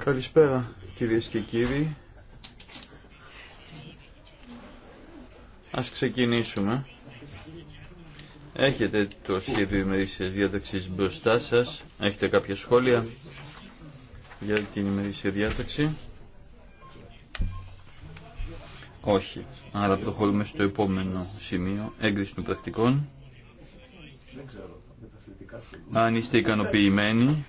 Καλησπέρα κυρίες και κύριοι. Ας ξεκινήσουμε. Έχετε το σχέδιο ημερήσιας διάταξης μπροστά σας. Έχετε κάποια σχόλια για την ημερήσια διάταξη. Όχι. Άρα προχωρούμε στο επόμενο σημείο, έγκριση των πρακτικών. Αν είστε ικανοποιημένοι,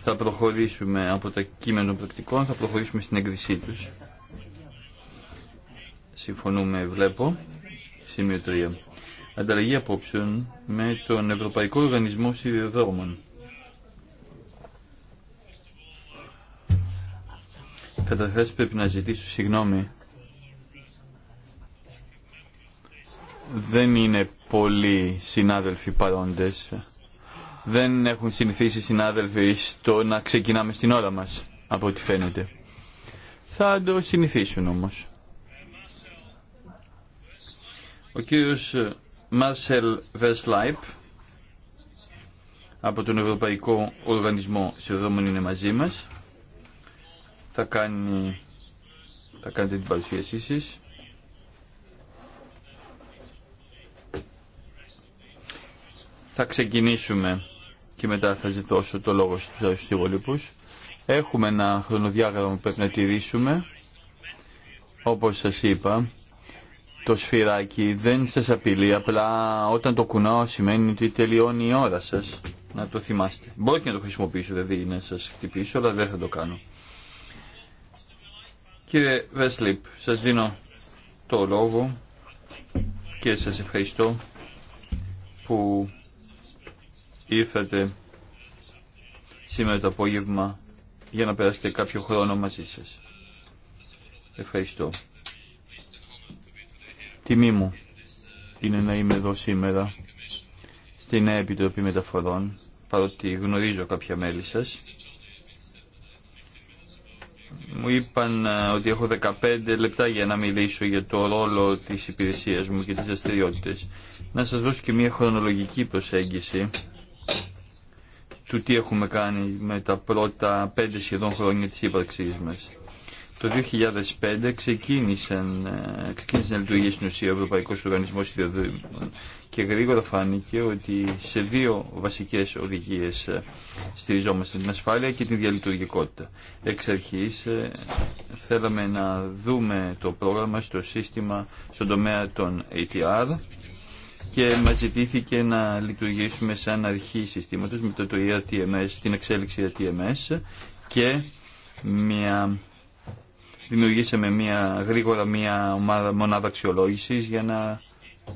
θα προχωρήσουμε από τα κείμενα των πρακτικών, θα προχωρήσουμε στην έγκρισή τους. Συμφωνούμε, βλέπω. Σημείο 3. Ανταλλαγή απόψεων με τον Ευρωπαϊκό Οργανισμό Σιδηροδρόμων. Καταρχάς πρέπει να ζητήσω συγγνώμη δεν είναι πολλοί συνάδελφοι παρόντες. Δεν έχουν συνηθίσει συνάδελφοι στο να ξεκινάμε στην ώρα μας, από ό,τι φαίνεται. Θα το συνηθίσουν όμως. Ο κύριος Μάρσελ Βεσλάιπ από τον Ευρωπαϊκό Οργανισμό Συνδρόμων είναι μαζί μας. Θα, κάνει, θα κάνετε την παρουσίασή σας. Θα ξεκινήσουμε και μετά θα ζητώσω το λόγο στους υπόλοιπους. Έχουμε ένα χρονοδιάγραμμα που πρέπει να τηρήσουμε. Όπως σας είπα, το σφυράκι δεν σας απειλεί, απλά όταν το κουνάω σημαίνει ότι τελειώνει η ώρα σας. Να το θυμάστε. Μπορώ και να το χρησιμοποιήσω, δηλαδή να σας χτυπήσω, αλλά δεν θα το κάνω. Κύριε Βέσλιπ, σας δίνω το λόγο και σας ευχαριστώ που ήρθατε σήμερα το απόγευμα για να περάσετε κάποιο χρόνο μαζί σας. Ευχαριστώ. Τιμή μου είναι να είμαι εδώ σήμερα στην Νέα Επιτροπή Μεταφορών, παρότι γνωρίζω κάποια μέλη σας. Μου είπαν ε, ότι έχω 15 λεπτά για να μιλήσω για το ρόλο της υπηρεσίας μου και τις δραστηριότητε. Να σας δώσω και μια χρονολογική προσέγγιση του τι έχουμε κάνει με τα πρώτα πέντε σχεδόν χρόνια της ύπαρξής μας. Το 2005 ξεκίνησαν, ε, ξεκίνησε να λειτουργεί στην ουσία ο Ευρωπαϊκό Οργανισμό Ιδιοδρύμων και γρήγορα φάνηκε ότι σε δύο βασικέ οδηγίε ε, στηριζόμαστε την ασφάλεια και την διαλειτουργικότητα. Εξ αρχή ε, θέλαμε να δούμε το πρόγραμμα στο σύστημα, στον τομέα των ATR και μα ζητήθηκε να λειτουργήσουμε σαν αρχή συστήματος με το, το ERTMS, την εξέλιξη ERTMS και μια... δημιουργήσαμε μια, γρήγορα μια ομάδα, μονάδα αξιολόγηση για να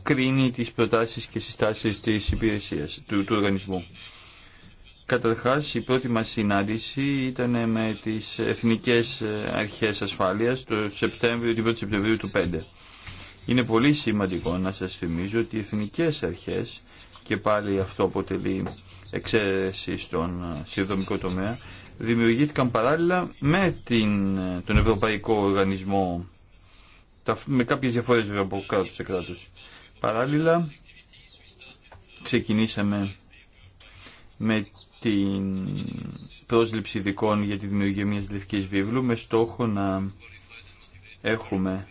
κρίνει τις προτάσεις και συστάσεις της υπηρεσίας του, του οργανισμού. Καταρχάς, η πρώτη μας συνάντηση ήταν με τις Εθνικές Αρχές Ασφάλειας το Σεπτέμβριο, την 1η Σεπτεμβρίου του 5 είναι πολύ σημαντικό να σας θυμίζω ότι οι εθνικές αρχές, και πάλι αυτό αποτελεί εξαίρεση στον συνδρομικό τομέα, δημιουργήθηκαν παράλληλα με την, τον Ευρωπαϊκό Οργανισμό, με κάποιες διαφορές βέβαια από κράτος σε κράτος. Παράλληλα, ξεκινήσαμε με την πρόσληψη ειδικών για τη δημιουργία μιας λευκής βίβλου με στόχο να έχουμε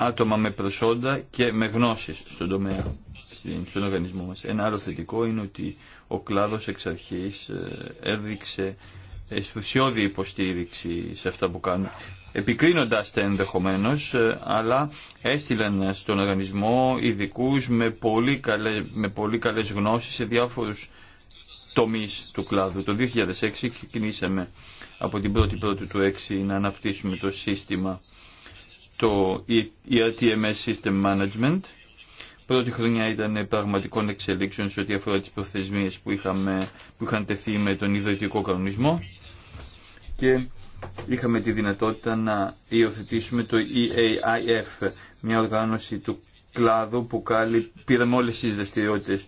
άτομα με προσόντα και με γνώσεις στον τομέα, στον οργανισμό μας. Ένα άλλο θετικό είναι ότι ο κλάδος εξ αρχής ε, έδειξε εσφουσιώδη υποστήριξη σε αυτά που κάνουν, επικρίνοντας τα ενδεχομένως, ε, αλλά έστειλαν στον οργανισμό ειδικού με, πολύ καλέ με πολύ καλές γνώσεις σε διάφορους τομείς του κλάδου. Το 2006 ξεκινήσαμε από την πρώτη πρώτη του 2006 να αναπτύσσουμε το σύστημα το ERTMS System Management. Πρώτη χρονιά ήταν πραγματικών εξελίξεων σε ό,τι αφορά τις προθεσμίες που, είχαμε, που είχαν τεθεί με τον ιδρυτικό κανονισμό και είχαμε τη δυνατότητα να υιοθετήσουμε το EAIF, μια οργάνωση του κλάδο που κάλυ, πήραμε όλε τι δραστηριότητε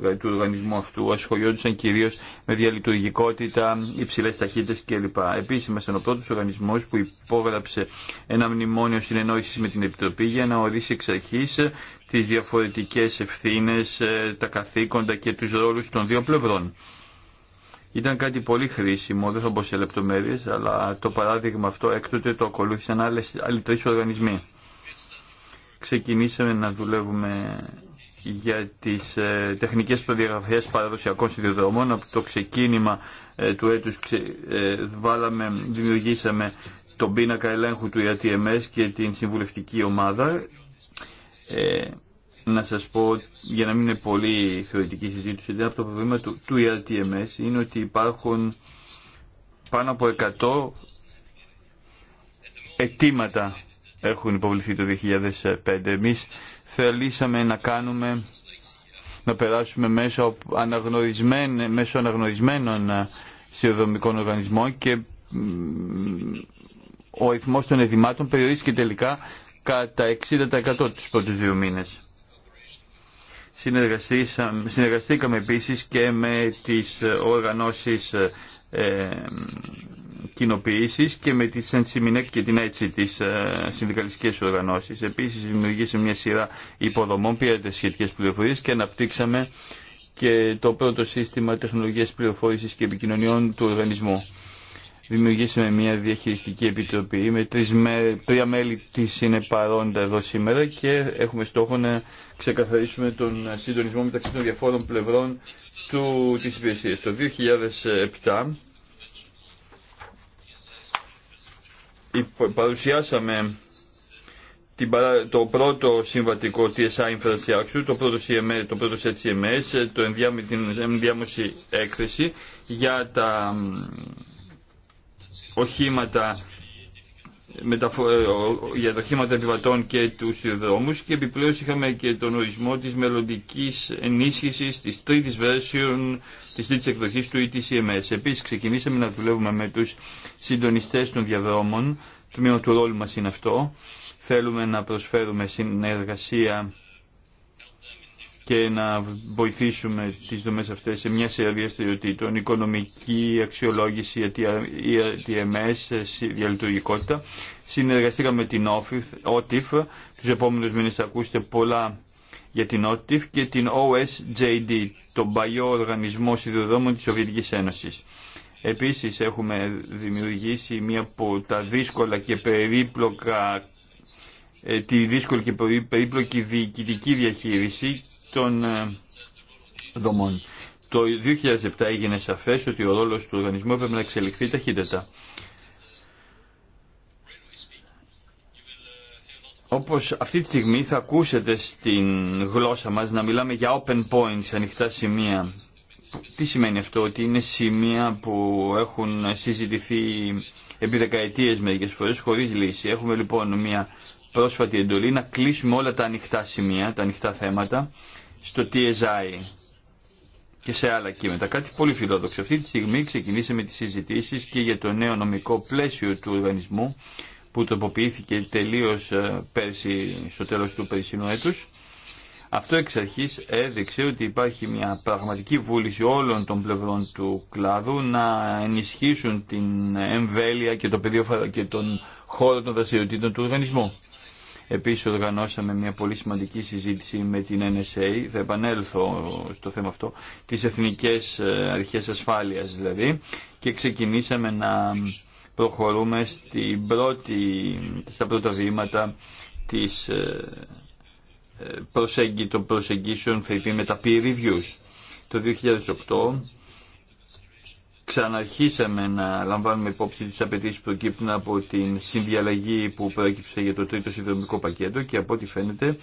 του οργανισμού αυτού. Ασχολιόντουσαν κυρίω με διαλειτουργικότητα, υψηλέ ταχύτητε κλπ. Επίση, ήμασταν ο πρώτο οργανισμό που υπόγραψε ένα μνημόνιο συνεννόηση με την Επιτροπή για να ορίσει εξ αρχή τι διαφορετικέ ευθύνε, ε, τα καθήκοντα και του ρόλου των δύο πλευρών. Ήταν κάτι πολύ χρήσιμο, δεν θα μπω σε λεπτομέρειε, αλλά το παράδειγμα αυτό έκτοτε το ακολούθησαν άλλοι τρει οργανισμοί ξεκινήσαμε να δουλεύουμε για τις ε, τεχνικές προδιαγραφές παραδοσιακών σιδηροδρομών. Από το ξεκίνημα ε, του έτους ε, βάλαμε, δημιουργήσαμε τον πίνακα ελέγχου του ΙΑΤΜΣ και την συμβουλευτική ομάδα. Ε, να σας πω, για να μην είναι πολύ θεωρητική συζήτηση, από το προβλήμα του, του είναι ότι υπάρχουν πάνω από 100 αιτήματα έχουν υποβληθεί το 2005. Εμείς θελήσαμε να κάνουμε να περάσουμε μέσω, αναγνωρισμένων, μέσω αναγνωρισμένων ε, οργανισμών και ο αριθμό των εδημάτων περιορίστηκε τελικά κατά 60% τους πρώτους δύο μήνες. Συνεργαστήκαμε επίσης και με τις οργανώσεις ε, κοινοποιήσει και με τη Σενσιμινέκ και την έτσι τις ε, συνδικαλιστική οργανώσεις. Επίση, δημιουργήσαμε μια σειρά υποδομών, πήρατε σχετικέ πληροφορίε και αναπτύξαμε και το πρώτο σύστημα τεχνολογία πληροφόρηση και επικοινωνιών του οργανισμού. Δημιουργήσαμε μια διαχειριστική επιτροπή με τρεις με, τρία μέλη τη είναι παρόντα εδώ σήμερα και έχουμε στόχο να ξεκαθαρίσουμε τον συντονισμό μεταξύ των διαφόρων πλευρών του, της υπηρεσίας. Το 2007 παρουσιάσαμε το πρώτο συμβατικό TSI Infrastructure, το πρώτο, CMS, το πρώτο CMS, το την ενδιάμεση έκθεση για τα οχήματα ε, για τα χήματα επιβατών και του δρόμους και επιπλέον είχαμε και τον ορισμό της μελλοντική ενίσχυσης της τρίτης version της τρίτης εκδοχής του ETCMS. Επίσης ξεκινήσαμε να δουλεύουμε με τους συντονιστές των διαδρόμων, το μήνυμα του ρόλου μας είναι αυτό. Θέλουμε να προσφέρουμε συνεργασία και να βοηθήσουμε τις δομές αυτές σε μια σειρά διαστηριοτήτων, οικονομική αξιολόγηση, ATMS, ε διαλειτουργικότητα. Συνεργαστήκαμε με την OTIF, τους επόμενους μήνες θα ακούσετε πολλά για την OTIF και την OSJD, τον Παλιό Οργανισμό Σιδηροδρόμων της Σοβιετικής Ένωσης. Επίσης έχουμε δημιουργήσει μία από τα δύσκολα και περίπλοκα ε, τη δύσκολη και περίπλοκη διοικητική διαχείριση των ε, δομών. Το 2007 έγινε σαφές ότι ο ρόλος του οργανισμού έπρεπε να εξελιχθεί ταχύτερα. Όπως αυτή τη στιγμή θα ακούσετε στην γλώσσα μας να μιλάμε για open points, ανοιχτά σημεία. Τι σημαίνει αυτό, ότι είναι σημεία που έχουν συζητηθεί επί δεκαετίες μερικές φορές χωρίς λύση. Έχουμε λοιπόν μια πρόσφατη εντολή να κλείσουμε όλα τα ανοιχτά σημεία, τα ανοιχτά θέματα στο TSI και σε άλλα κείμενα. Κάτι πολύ φιλόδοξο. Αυτή τη στιγμή ξεκινήσαμε τις συζητήσεις και για το νέο νομικό πλαίσιο του οργανισμού που τοποποιήθηκε τελείως ε, πέρσι, στο τέλος του περσινού έτους. Αυτό εξ αρχής έδειξε ότι υπάρχει μια πραγματική βούληση όλων των πλευρών του κλάδου να ενισχύσουν την εμβέλεια και το πεδίο και τον χώρο των δραστηριοτήτων του οργανισμού. Επίσης οργανώσαμε μια πολύ σημαντική συζήτηση με την NSA, θα επανέλθω στο θέμα αυτό, τις Εθνικές ε, Αρχές Ασφάλειας δηλαδή και ξεκινήσαμε να προχωρούμε στην πρώτη, στα πρώτα βήματα της ε, ε, προσέγγι, των προσεγγίσεων με τα peer reviews. Το 2008 ξαναρχίσαμε να λαμβάνουμε υπόψη τις απαιτήσει που προκύπτουν από την συνδιαλλαγή που προέκυψε για το τρίτο συνδρομικό πακέτο και από ό,τι φαίνεται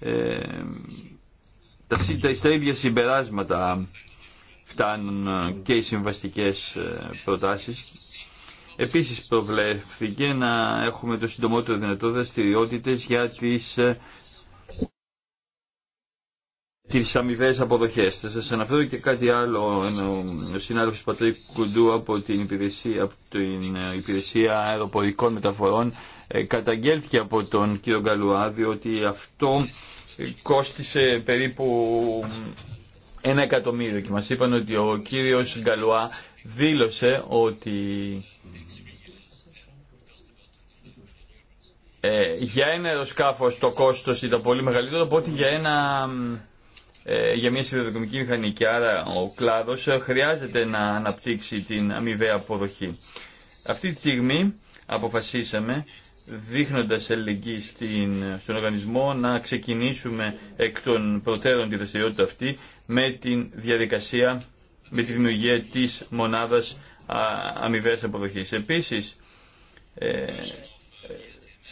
ε, τα, τα, ίδια συμπεράσματα φτάνουν ε, και οι συμβαστικές ε, προτάσεις. Επίσης προβλέφθηκε να έχουμε το συντομότερο δυνατό δραστηριότητε για τις ε, τι αμοιβέ αποδοχέ. Θα σα αναφέρω και κάτι άλλο, ο συνάδελφο Πατρίκ Κουντού από την υπηρεσία, από την ε, υπηρεσία αεροπορικών μεταφορών ε, καταγγέλθηκε από τον κύριο Γκαλουάδη ότι αυτό ε, κόστισε περίπου ένα εκατομμύριο και μας είπαν ότι ο κύριος Γκαλουά δήλωσε ότι ε, για ένα αεροσκάφος το κόστος ήταν πολύ μεγαλύτερο από ότι για ένα ε, για μια σιδηροδρομική μηχανή και άρα ο κλάδος ε, χρειάζεται να αναπτύξει την αμοιβαία αποδοχή. Αυτή τη στιγμή αποφασίσαμε δείχνοντας ελληνική στην, στον οργανισμό να ξεκινήσουμε εκ των προτέρων τη δραστηριότητα αυτή με τη διαδικασία, με τη δημιουργία της μονάδας αμοιβαίας αποδοχής. Επίσης, ε, ε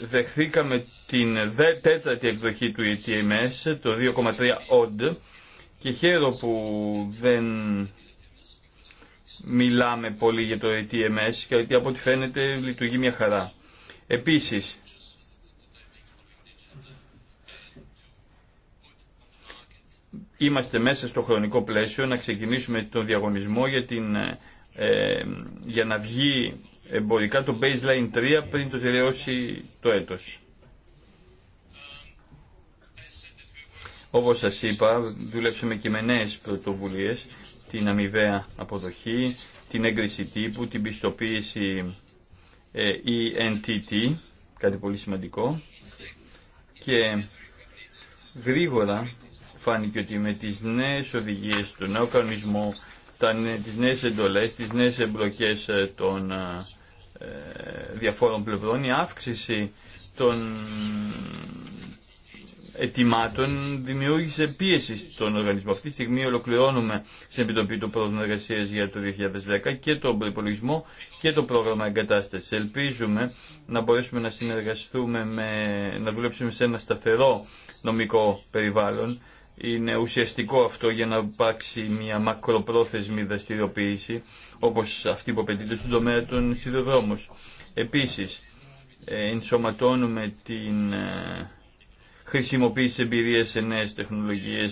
δεχθήκαμε την τέταρτη εκδοχή του ETMS, το 2,3 OD, και χαίρο που δεν μιλάμε πολύ για το ETMS, γιατί από ό,τι φαίνεται λειτουργεί μια χαρά. Επίσης, είμαστε μέσα στο χρονικό πλαίσιο να ξεκινήσουμε τον διαγωνισμό για, την, ε, για να βγει εμπορικά το baseline 3 πριν το τελειώσει το έτος. Όπως σας είπα, δουλέψαμε και με νέες πρωτοβουλίες, την αμοιβαία αποδοχή, την έγκριση τύπου, την πιστοποίηση ε, ENTT, κάτι πολύ σημαντικό, και γρήγορα φάνηκε ότι με τις νέες οδηγίες, τον νέο κανονισμό, τις νέες εντολές, τις νέες εμπλοκές ε, των ε, διαφόρων πλευρών, η αύξηση των ετοιμάτων δημιούργησε πίεση στον οργανισμό. Αυτή τη στιγμή ολοκληρώνουμε στην Επιτροπή το πρόγραμμα εργασία για το 2010 και τον προπολογισμό και το πρόγραμμα εγκατάσταση. Ελπίζουμε να μπορέσουμε να συνεργαστούμε, με, να δουλέψουμε σε ένα σταθερό νομικό περιβάλλον. Είναι ουσιαστικό αυτό για να υπάρξει μια μακροπρόθεσμη δραστηριοποίηση όπως αυτή που απαιτείται στον τομέα των σιδηροδρόμων. Επίσης, ε, ενσωματώνουμε την ε, χρησιμοποίηση εμπειρία σε νέε τεχνολογίε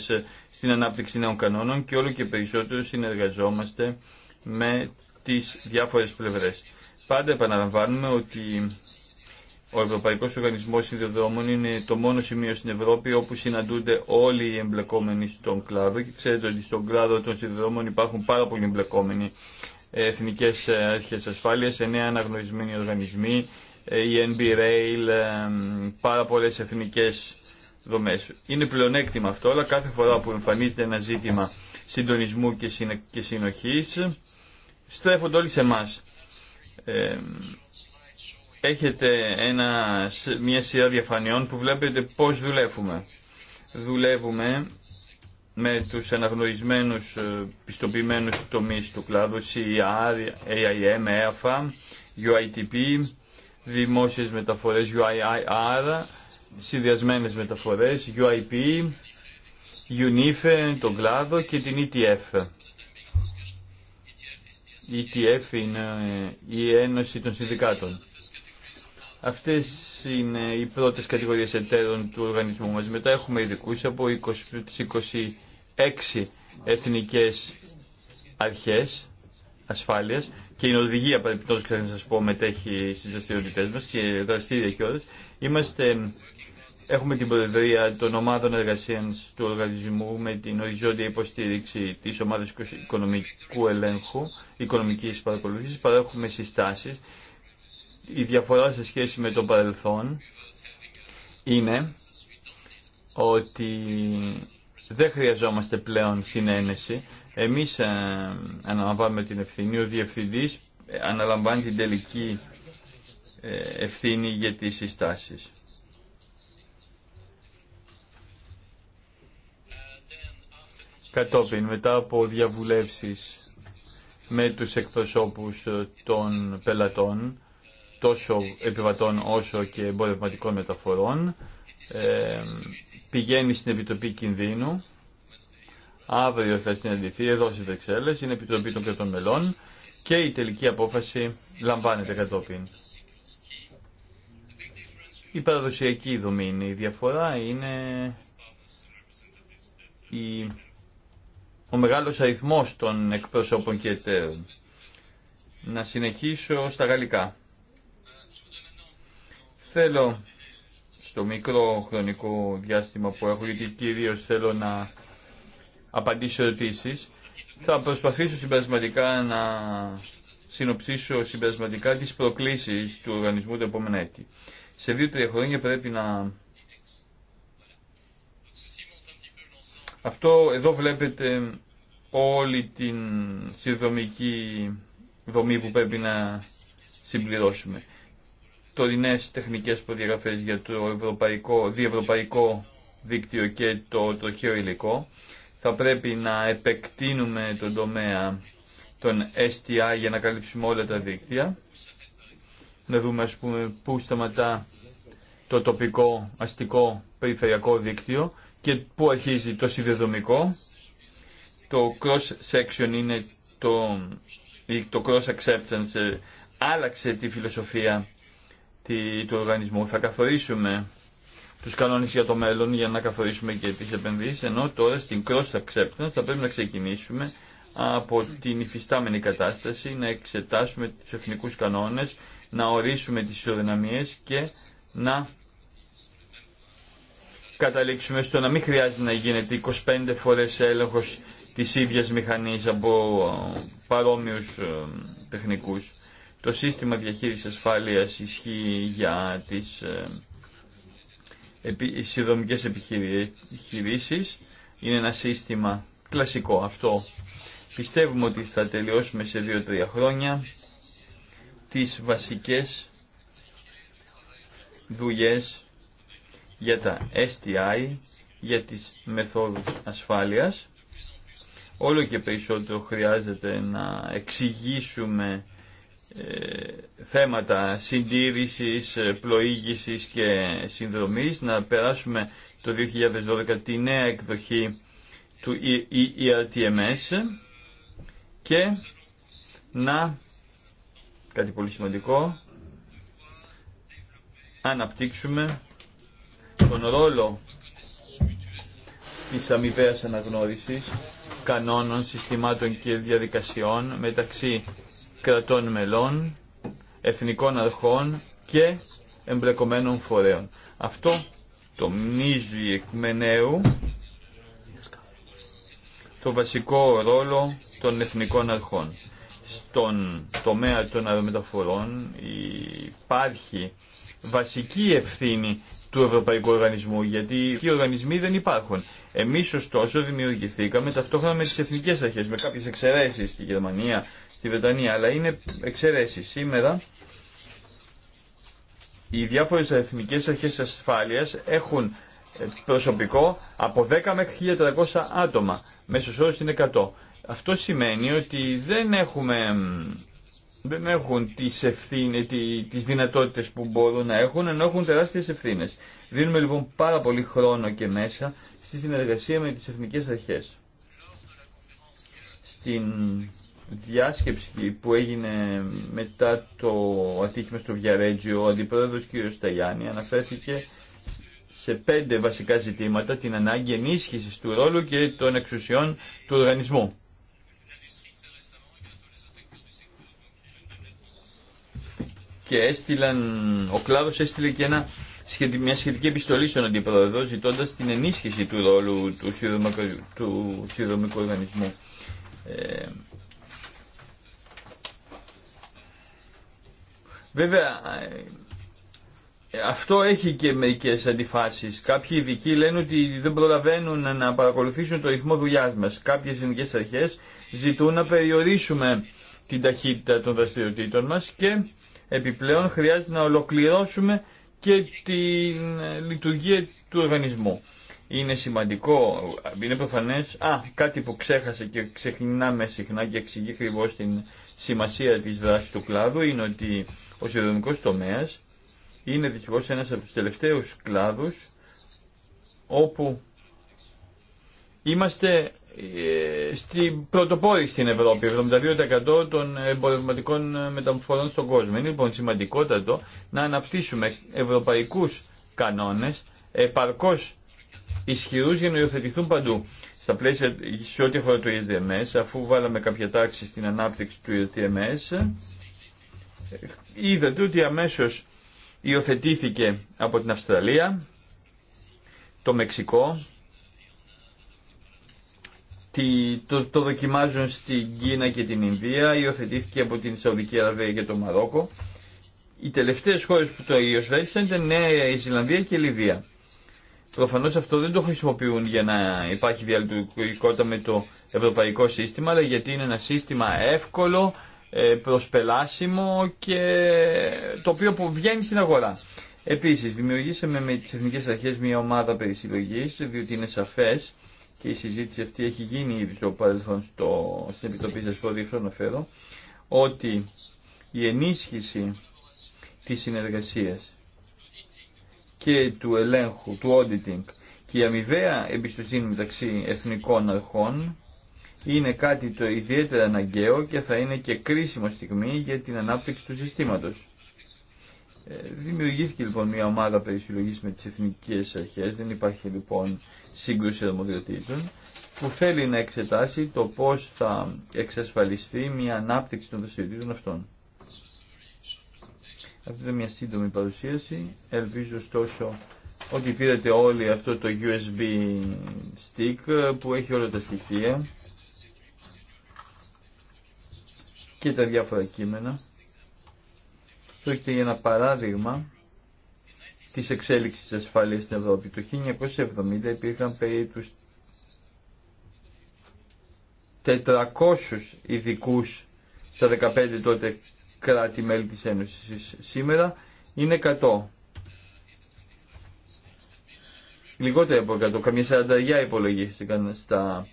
στην ανάπτυξη νέων κανόνων και όλο και περισσότερο συνεργαζόμαστε με τι διάφορε πλευρέ. Πάντα επαναλαμβάνουμε ότι ο Ευρωπαϊκό Οργανισμό Σιδηροδρόμων είναι το μόνο σημείο στην Ευρώπη όπου συναντούνται όλοι οι εμπλεκόμενοι στον κλάδο. Και ξέρετε ότι στον κλάδο των σιδηροδρόμων υπάρχουν πάρα πολλοί εμπλεκόμενοι. Ε, εθνικέ Αρχέ Ασφάλεια, εννέα αναγνωρισμένοι οργανισμοί, ε, η NB Rail, ε, πάρα πολλέ εθνικέ. Είναι πλεονέκτημα αυτό, αλλά κάθε φορά που εμφανίζεται ένα ζήτημα συντονισμού και συνοχής, στρέφονται όλοι σε εμά. έχετε ένα, μια σειρά διαφανειών που βλέπετε πώς δουλεύουμε. Δουλεύουμε με τους αναγνωρισμένους ε, πιστοποιημένους τομείς του κλάδου, CER, AIM, EAFA, UITP, δημόσιες μεταφορές UIIR, συνδυασμένες μεταφορές, UIP, UNIFE, τον κλάδο και την ETF. Η e ETF είναι ε, η Ένωση των Συνδικάτων. Αυτές είναι οι πρώτες κατηγορίες εταίρων του οργανισμού μας. Μετά έχουμε ειδικού από τις 26 εθνικές αρχές ασφάλειας και η Νορβηγία, παρεπιπτόντως και να σας πω, μετέχει στις δραστηριότητε μας και δραστήρια και όλες. Είμαστε Έχουμε την προεδρία των ομάδων εργασία του οργανισμού με την οριζόντια υποστήριξη τη ομάδα οικονομικού ελέγχου, οικονομική παρακολούθηση. Παρέχουμε συστάσει. Η διαφορά σε σχέση με το παρελθόν είναι ότι δεν χρειαζόμαστε πλέον συνένεση. Εμείς ε, αναλαμβάνουμε την ευθύνη. Ο διευθυντής αναλαμβάνει την τελική ε, ευθύνη για τις συστάσεις. κατόπιν μετά από διαβουλεύσεις με τους εκπροσώπους ε, των πελατών τόσο επιβατών όσο και εμπορευματικών μεταφορών ε, πηγαίνει στην Επιτροπή Κινδύνου αύριο θα συναντηθεί εδώ στις Βεξέλλες είναι Επιτροπή των Κρατών Μελών και η τελική απόφαση λαμβάνεται κατόπιν η παραδοσιακή δομή είναι η διαφορά είναι η ο μεγάλος αριθμός των εκπροσώπων και εταίρων. Να συνεχίσω στα γαλλικά. Θέλω στο μικρό χρονικό διάστημα που έχω, γιατί κυρίω θέλω να απαντήσω ερωτήσει. Θα προσπαθήσω συμπερασματικά να συνοψίσω συμπερασματικά τις προκλήσεις του οργανισμού του επόμενου έτη. Σε δύο-τρία χρόνια πρέπει να Αυτό εδώ βλέπετε όλη την συνδρομική δομή που πρέπει να συμπληρώσουμε. Τωρινέ τεχνικές προδιαγραφέ για το ευρωπαϊκό, διευρωπαϊκό δίκτυο και το τροχαίο υλικό. Θα πρέπει να επεκτείνουμε τον τομέα των STI για να καλύψουμε όλα τα δίκτυα. Να δούμε ας πούμε πού σταματά το τοπικό αστικό περιφερειακό δίκτυο και πού αρχίζει το συνδεδομικό. Το cross section είναι το, το cross acceptance ε, άλλαξε τη φιλοσοφία του οργανισμού. Θα καθορίσουμε τους κανόνες για το μέλλον για να καθορίσουμε και τις επενδύσεις, ενώ τώρα στην cross acceptance θα πρέπει να ξεκινήσουμε από την υφιστάμενη κατάσταση, να εξετάσουμε τους εθνικούς κανόνες, να ορίσουμε τις ισοδυναμίες και να καταλήξουμε στο να μην χρειάζεται να γίνεται 25 φορές έλεγχος της ίδιας μηχανής από ε, παρόμοιους ε, τεχνικούς. Το σύστημα διαχείρισης ασφάλειας ισχύει για τις ε, συνδρομικές επιχειρήσεις. Είναι ένα σύστημα κλασικό αυτό. Πιστεύουμε ότι θα τελειώσουμε σε 2-3 χρόνια τις βασικές δουλειές για τα STI, για τις μεθόδους ασφάλειας. Όλο και περισσότερο χρειάζεται να εξηγήσουμε ε, θέματα συντήρησης, ε, πλοήγησης και συνδρομής, να περάσουμε το 2012 τη νέα εκδοχή του ERTMS e, e και να, κάτι πολύ σημαντικό, αναπτύξουμε τον ρόλο της αμοιβαίας αναγνώρισης κανόνων, συστημάτων και διαδικασιών μεταξύ κρατών μελών, εθνικών αρχών και εμπλεκομένων φορέων. Αυτό το μνίζει εκ το βασικό ρόλο των εθνικών αρχών. Στον τομέα των αερομεταφορών υπάρχει βασική ευθύνη του Ευρωπαϊκού Οργανισμού, γιατί οι οργανισμοί δεν υπάρχουν. Εμεί, ωστόσο, δημιουργηθήκαμε ταυτόχρονα με τι εθνικέ αρχέ, με κάποιε εξαιρέσει στη Γερμανία, στη Βρετανία, αλλά είναι εξαιρέσει. Σήμερα οι διάφορε εθνικέ αρχέ ασφάλεια έχουν ε, προσωπικό από 10 μέχρι 1.300 άτομα. Μέσο όρο είναι 100. Αυτό σημαίνει ότι δεν έχουμε δεν έχουν τις, ευθύνες, τις δυνατότητες που μπορούν να έχουν, ενώ έχουν τεράστιες ευθύνες. Δίνουμε λοιπόν πάρα πολύ χρόνο και μέσα στη συνεργασία με τις εθνικές αρχές. Στην διάσκεψη που έγινε μετά το ατύχημα στο Βιαρέτζιο, ο αντιπρόεδρος κ. Σταγιάννη αναφέρθηκε σε πέντε βασικά ζητήματα την ανάγκη ενίσχυσης του ρόλου και των εξουσιών του οργανισμού. και έστειλαν, ο κλάδος έστειλε και μια σχετική επιστολή στον Αντιπρόεδρο ζητώντας την ενίσχυση του ρόλου του, του οργανισμού. Ε, βέβαια, ε, αυτό έχει και μερικέ αντιφάσει. Κάποιοι ειδικοί λένε ότι δεν προλαβαίνουν να παρακολουθήσουν το ρυθμό δουλειά μα. Κάποιες ελληνικέ αρχές ζητούν να περιορίσουμε την ταχύτητα των δραστηριοτήτων μας και Επιπλέον χρειάζεται να ολοκληρώσουμε και τη λειτουργία του οργανισμού. Είναι σημαντικό, είναι προφανές, α, κάτι που ξέχασε και ξεχνάμε συχνά και εξηγεί ακριβώ την σημασία της δράσης του κλάδου είναι ότι ο σιδηροδρομικός τομέας είναι δυστυχώς ένας από τους τελευταίους κλάδους όπου είμαστε στην πρωτοπόρη στην Ευρώπη, 72% των εμπορευματικών μεταφορών στον κόσμο. Είναι λοιπόν σημαντικότατο να αναπτύσσουμε ευρωπαϊκούς κανόνες επαρκώς ισχυρούς για να υιοθετηθούν παντού. Στα πλαίσια, σε ό,τι αφορά το ETMS, αφού βάλαμε κάποια τάξη στην ανάπτυξη του ETMS, είδατε ότι αμέσως υιοθετήθηκε από την Αυστραλία, το Μεξικό, το, το δοκιμάζουν στην Κίνα και την Ινδία, υιοθετήθηκε από την Σαουδική Αραβία και το Μαρόκο. Οι τελευταίες χώρες που το υιοθέτησαν ήταν Νέα Ισλανδία και η Λιβύα. Προφανώς αυτό δεν το χρησιμοποιούν για να υπάρχει διαλειτουργικότητα με το ευρωπαϊκό σύστημα, αλλά γιατί είναι ένα σύστημα εύκολο, ε, προσπελάσιμο και το οποίο που βγαίνει στην αγορά. Επίσης, δημιουργήσαμε με τις εθνικές αρχές μια ομάδα περισυλλογής, διότι είναι σαφές και η συζήτηση αυτή έχει γίνει ήδη στο παρελθόν στο, στην Επιτροπή σας να αναφέρω, ότι η ενίσχυση της συνεργασίας και του ελέγχου, του auditing και η αμοιβαία εμπιστοσύνη μεταξύ εθνικών αρχών είναι κάτι το ιδιαίτερα αναγκαίο και θα είναι και κρίσιμο στιγμή για την ανάπτυξη του συστήματος. Δημιουργήθηκε λοιπόν μια ομάδα περισυλλογή με τι εθνικέ αρχές, δεν υπάρχει λοιπόν σύγκρουση αρμοδιοτήτων, που θέλει να εξετάσει το πώ θα εξασφαλιστεί μια ανάπτυξη των δραστηριοτήτων αυτών. Αυτή ήταν μια σύντομη παρουσίαση. Ελπίζω ωστόσο ότι πήρατε όλοι αυτό το USB stick που έχει όλα τα στοιχεία και τα διάφορα κείμενα. Πρόκειται για ένα παράδειγμα της εξέλιξης της ασφάλειας στην Ευρώπη. Το 1970 υπήρχαν περίπου 400 ειδικού στα 15 τότε κράτη-μέλη της Ένωσης. Σήμερα είναι 100. Λιγότερο από 100, καμία 40 υπολογίστηκαν στα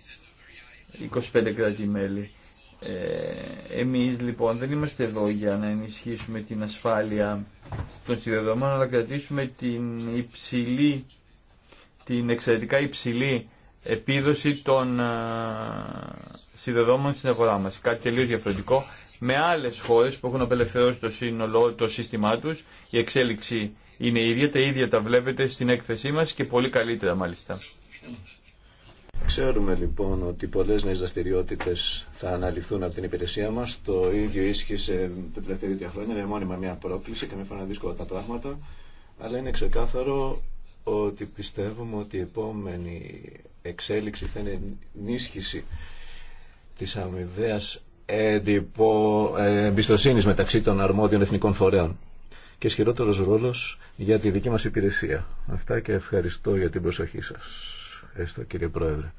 25 κράτη-μέλη. Ε, εμείς λοιπόν δεν είμαστε εδώ για να ενισχύσουμε την ασφάλεια των σιδεδομών αλλά κρατήσουμε την υψηλή την εξαιρετικά υψηλή επίδοση των σιδεδόμων στην αγορά μας. Κάτι τελείως διαφορετικό με άλλες χώρες που έχουν απελευθερώσει το σύνολο, το σύστημά τους. Η εξέλιξη είναι ίδια, τα ίδια τα βλέπετε στην έκθεσή μας και πολύ καλύτερα μάλιστα. Ξέρουμε λοιπόν ότι πολλές νέες δραστηριότητε θα αναλυθούν από την υπηρεσία μας. Το ίδιο ίσχυσε τα τελευταία δύο χρόνια. Είναι μόνιμα μια πρόκληση, και φορά φαίνονται δύσκολα τα πράγματα. Αλλά είναι ξεκάθαρο ότι πιστεύουμε ότι η επόμενη εξέλιξη θα είναι ενίσχυση της αμοιβαίας εντυπο... Ε, εμπιστοσύνη μεταξύ των αρμόδιων εθνικών φορέων και ισχυρότερος ρόλος για τη δική μας υπηρεσία. Αυτά και ευχαριστώ για την προσοχή σας. Ευχαριστώ κύριε Πρόεδρε.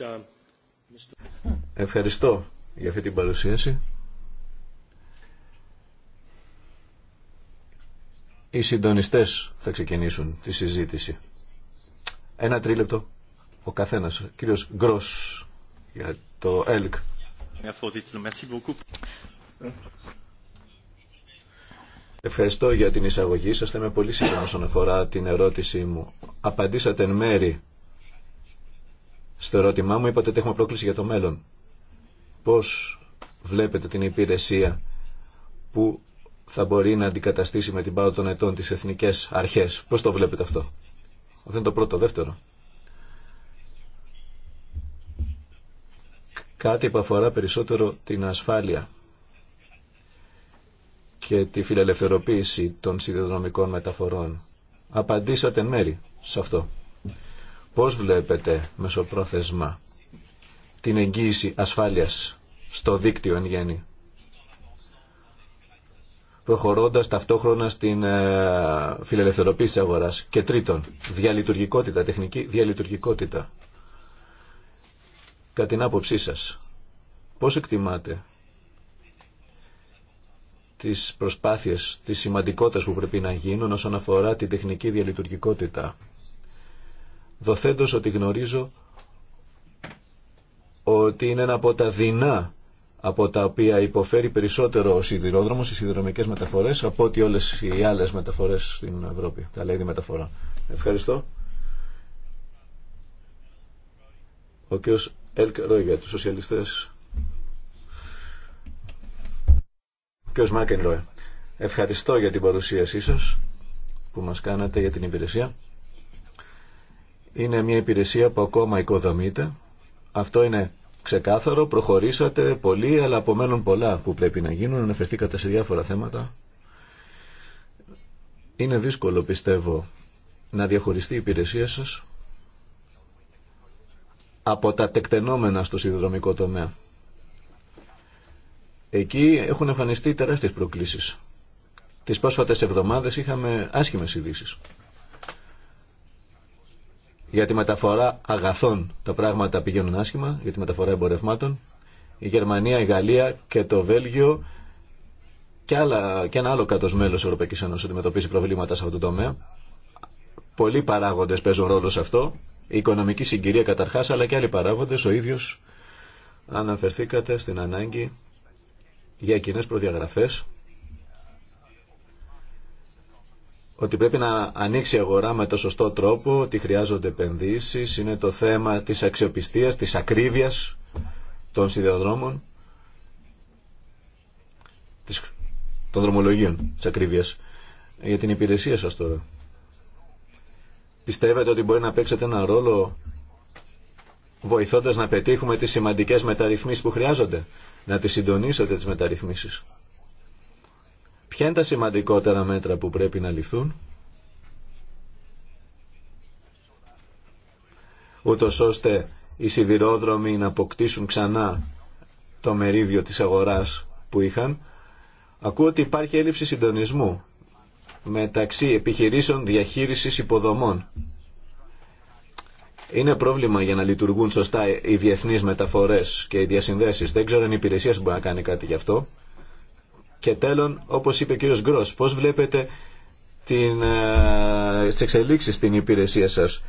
Um, ευχαριστώ για αυτή την παρουσίαση. Οι συντονιστές θα ξεκινήσουν τη συζήτηση. Ένα τρίλεπτο ο καθένας. Κύριος Γκρό για το ΕΛΚ. Ευχαριστώ για την εισαγωγή σας. Θα είμαι πολύ σύντομο όσον αφορά την ερώτησή μου. Απαντήσατε εν μέρη στο ερώτημά μου. Είπατε ότι έχουμε πρόκληση για το μέλλον. Πώς βλέπετε την υπηρεσία που θα μπορεί να αντικαταστήσει με την πάρο των ετών τις εθνικές αρχές. Πώς το βλέπετε αυτό. Αυτό είναι το πρώτο. Δεύτερο. Κάτι που αφορά περισσότερο την ασφάλεια και τη φιλελευθεροποίηση των σιδηροδρομικών μεταφορών. Απαντήσατε μέρη σε αυτό. Πώς βλέπετε μεσοπρόθεσμα την εγγύηση ασφάλειας στο δίκτυο εν γέννη, προχωρώντας ταυτόχρονα στην ε, φιλελευθεροποίηση της αγοράς. Και τρίτον, διαλειτουργικότητα, τεχνική διαλειτουργικότητα. Κατά την άποψή σας, πώς εκτιμάτε τις προσπάθειες, τις σημαντικότητες που πρέπει να γίνουν όσον αφορά την τεχνική διαλειτουργικότητα. Δοθέντως ότι γνωρίζω ότι είναι ένα από τα δεινά από τα οποία υποφέρει περισσότερο ο σιδηρόδρομος, οι σιδηρομικές μεταφορές, από ότι όλες οι άλλες μεταφορές στην Ευρώπη, τα λέει μεταφορά. Ευχαριστώ. Ο κ. Ελκ Ρόγια, του Κύριος Μάκενροε, ευχαριστώ για την παρουσίασή σας που μας κάνατε για την υπηρεσία. Είναι μια υπηρεσία που ακόμα οικοδομείται. Αυτό είναι ξεκάθαρο, προχωρήσατε πολύ, αλλά απομένουν πολλά που πρέπει να γίνουν. Αναφερθήκατε σε διάφορα θέματα. Είναι δύσκολο, πιστεύω, να διαχωριστεί η υπηρεσία σας από τα τεκτενόμενα στο σιδηροδρομικό τομέα. Εκεί έχουν εμφανιστεί τεράστιες προκλήσεις. Τις πρόσφατες εβδομάδες είχαμε άσχημες ειδήσει. Για τη μεταφορά αγαθών τα πράγματα πηγαίνουν άσχημα, για τη μεταφορά εμπορευμάτων. Η Γερμανία, η Γαλλία και το Βέλγιο και, άλλα, και ένα άλλο κράτο μέλο τη Ευρωπαϊκή Ένωση αντιμετωπίζει προβλήματα σε αυτό το τομέα. Πολλοί παράγοντε παίζουν ρόλο σε αυτό. Η οικονομική συγκυρία καταρχά, αλλά και άλλοι παράγοντε. Ο ίδιο αναφερθήκατε στην ανάγκη για κοινέ προδιαγραφές ότι πρέπει να ανοίξει η αγορά με το σωστό τρόπο, ότι χρειάζονται επενδύσεις, είναι το θέμα της αξιοπιστίας, της ακρίβειας των σιδεοδρόμων, των δρομολογίων της ακρίβειας. Για την υπηρεσία σας τώρα. Πιστεύετε ότι μπορεί να παίξετε ένα ρόλο βοηθώντας να πετύχουμε τις σημαντικές μεταρρυθμίσεις που χρειάζονται να τις συντονίσετε τις μεταρρυθμίσεις. Ποια είναι τα σημαντικότερα μέτρα που πρέπει να ληφθούν, ούτω ώστε οι σιδηρόδρομοι να αποκτήσουν ξανά το μερίδιο της αγοράς που είχαν. Ακούω ότι υπάρχει έλλειψη συντονισμού μεταξύ επιχειρήσεων διαχείρισης υποδομών είναι πρόβλημα για να λειτουργούν σωστά οι διεθνείς μεταφορές και οι διασυνδέσεις. Δεν ξέρω αν η υπηρεσία σου μπορεί να κάνει κάτι γι' αυτό. Και τέλο, όπως είπε ο κύριος Γκρός, πώς βλέπετε την, ε, στην υπηρεσία σας.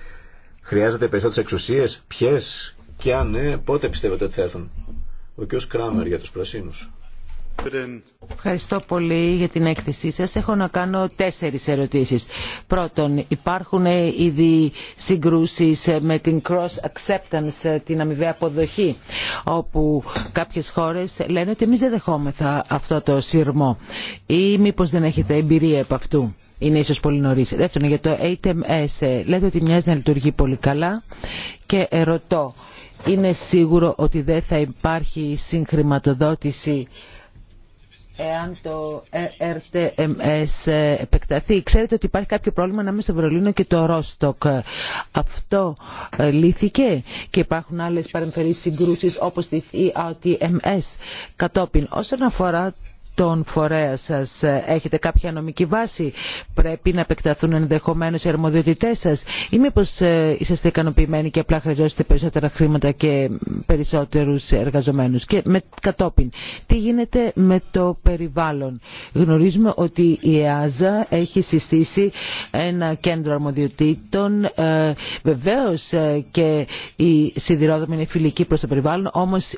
Χρειάζεται περισσότερες εξουσίες, ποιες και αν ναι, πότε πιστεύετε ότι θα έρθουν. Ο κ. Κράμερ για τους πρασίνους. Ευχαριστώ πολύ για την έκθεσή σας. Έχω να κάνω τέσσερις ερωτήσεις. Πρώτον, υπάρχουν ήδη συγκρούσεις με την cross acceptance, την αμοιβαία αποδοχή, όπου κάποιες χώρες λένε ότι εμείς δεν δεχόμεθα αυτό το σύρμο ή μήπως δεν έχετε εμπειρία από αυτού. Είναι ίσως πολύ νωρίς. Δεύτερον, για το ATMS λέτε ότι μοιάζει να λειτουργεί πολύ καλά και ερωτώ, είναι σίγουρο ότι δεν θα υπάρχει συγχρηματοδότηση εάν το RTMS ε ε, επεκταθεί. Ξέρετε ότι υπάρχει κάποιο πρόβλημα ανάμεσα στο Βερολίνο και το Ρόστοκ. Αυτό ε, λύθηκε και υπάρχουν άλλες παρεμφερείς συγκρούσεις όπως τη ERTMS κατόπιν. Όσον αφορά τον φορέα σας. Έχετε κάποια νομική βάση, πρέπει να επεκταθούν ενδεχομένως οι αρμοδιότητές σας ή μήπως ε, είσαστε ικανοποιημένοι και απλά χρειαζόσαστε περισσότερα χρήματα και περισσότερους εργαζομένους. Και με, κατόπιν, τι γίνεται με το περιβάλλον. Γνωρίζουμε ότι η ΕΑΖΑ έχει συστήσει ένα κέντρο αρμοδιοτήτων. Ε, βεβαίως ε, και οι σιδηρόδρομοι είναι φιλικοί προς το περιβάλλον, όμως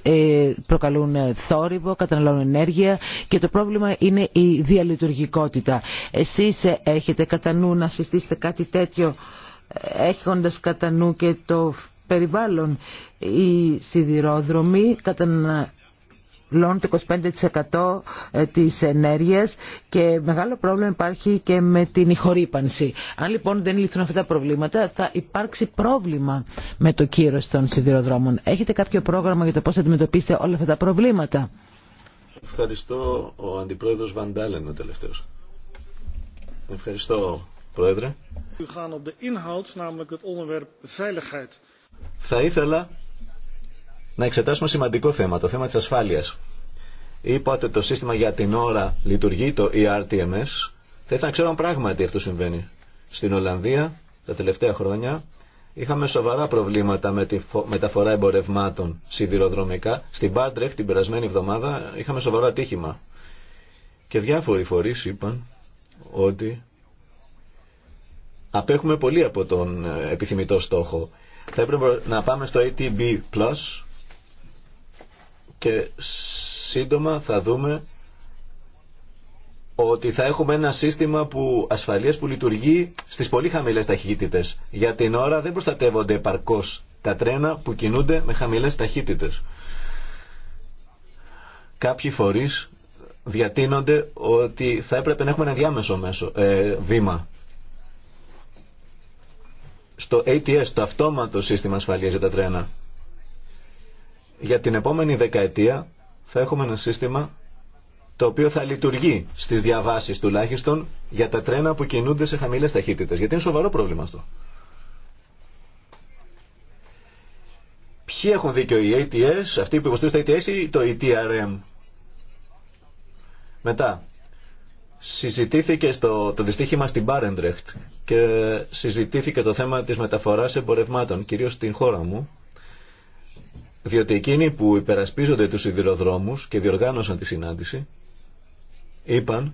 προκαλούν θόρυβο, καταναλώνουν ενέργεια και το το πρόβλημα είναι η διαλειτουργικότητα. Εσείς έχετε κατά νου να συστήσετε κάτι τέτοιο έχοντας κατά νου και το περιβάλλον. Οι σιδηρόδρομοι καταναλώνουν το 25% ε, της ενέργειας και μεγάλο πρόβλημα υπάρχει και με την ηχορύπανση. Αν λοιπόν δεν λυθούν αυτά τα προβλήματα θα υπάρξει πρόβλημα με το κύρος των σιδηροδρόμων. Έχετε κάποιο πρόγραμμα για το πώς θα αντιμετωπίσετε όλα αυτά τα προβλήματα. Ευχαριστώ ο Αντιπρόεδρος Βαντάλεν ο τελευταίος. Ευχαριστώ Πρόεδρε. Θα ήθελα να εξετάσουμε σημαντικό θέμα, το θέμα της ασφάλειας. Είπατε το σύστημα για την ώρα λειτουργεί, το ERTMS. Θα ήθελα να ξέρω αν πράγματι αυτό συμβαίνει. Στην Ολλανδία τα τελευταία χρόνια Είχαμε σοβαρά προβλήματα με τη μεταφορά εμπορευμάτων σιδηροδρομικά. Στην Πάντρεχ την περασμένη εβδομάδα είχαμε σοβαρά τύχημα. Και διάφοροι φορείς είπαν ότι απέχουμε πολύ από τον ε, επιθυμητό στόχο. Θα έπρεπε να πάμε στο ATB Plus και σύντομα θα δούμε ότι θα έχουμε ένα σύστημα που, ασφαλείας που λειτουργεί στις πολύ χαμηλές ταχύτητες. Για την ώρα δεν προστατεύονται παρκός τα τρένα που κινούνται με χαμηλές ταχύτητες. Κάποιοι φορείς διατείνονται ότι θα έπρεπε να έχουμε ένα διάμεσο μέσο, ε, βήμα. Στο ATS, το αυτόματο σύστημα ασφαλείας για τα τρένα. Για την επόμενη δεκαετία θα έχουμε ένα σύστημα το οποίο θα λειτουργεί στι διαβάσει τουλάχιστον για τα τρένα που κινούνται σε χαμηλέ ταχύτητε. Γιατί είναι σοβαρό πρόβλημα αυτό. Ποιοι έχουν δίκιο, οι ATS, αυτοί που υποστηρίζουν τα ATS ή το ETRM. Μετά, συζητήθηκε στο, το δυστύχημα στην Barendrecht και συζητήθηκε το θέμα της μεταφοράς εμπορευμάτων, κυρίως στην χώρα μου, διότι εκείνοι που υπερασπίζονται τους σιδηροδρόμους και διοργάνωσαν τη συνάντηση, είπαν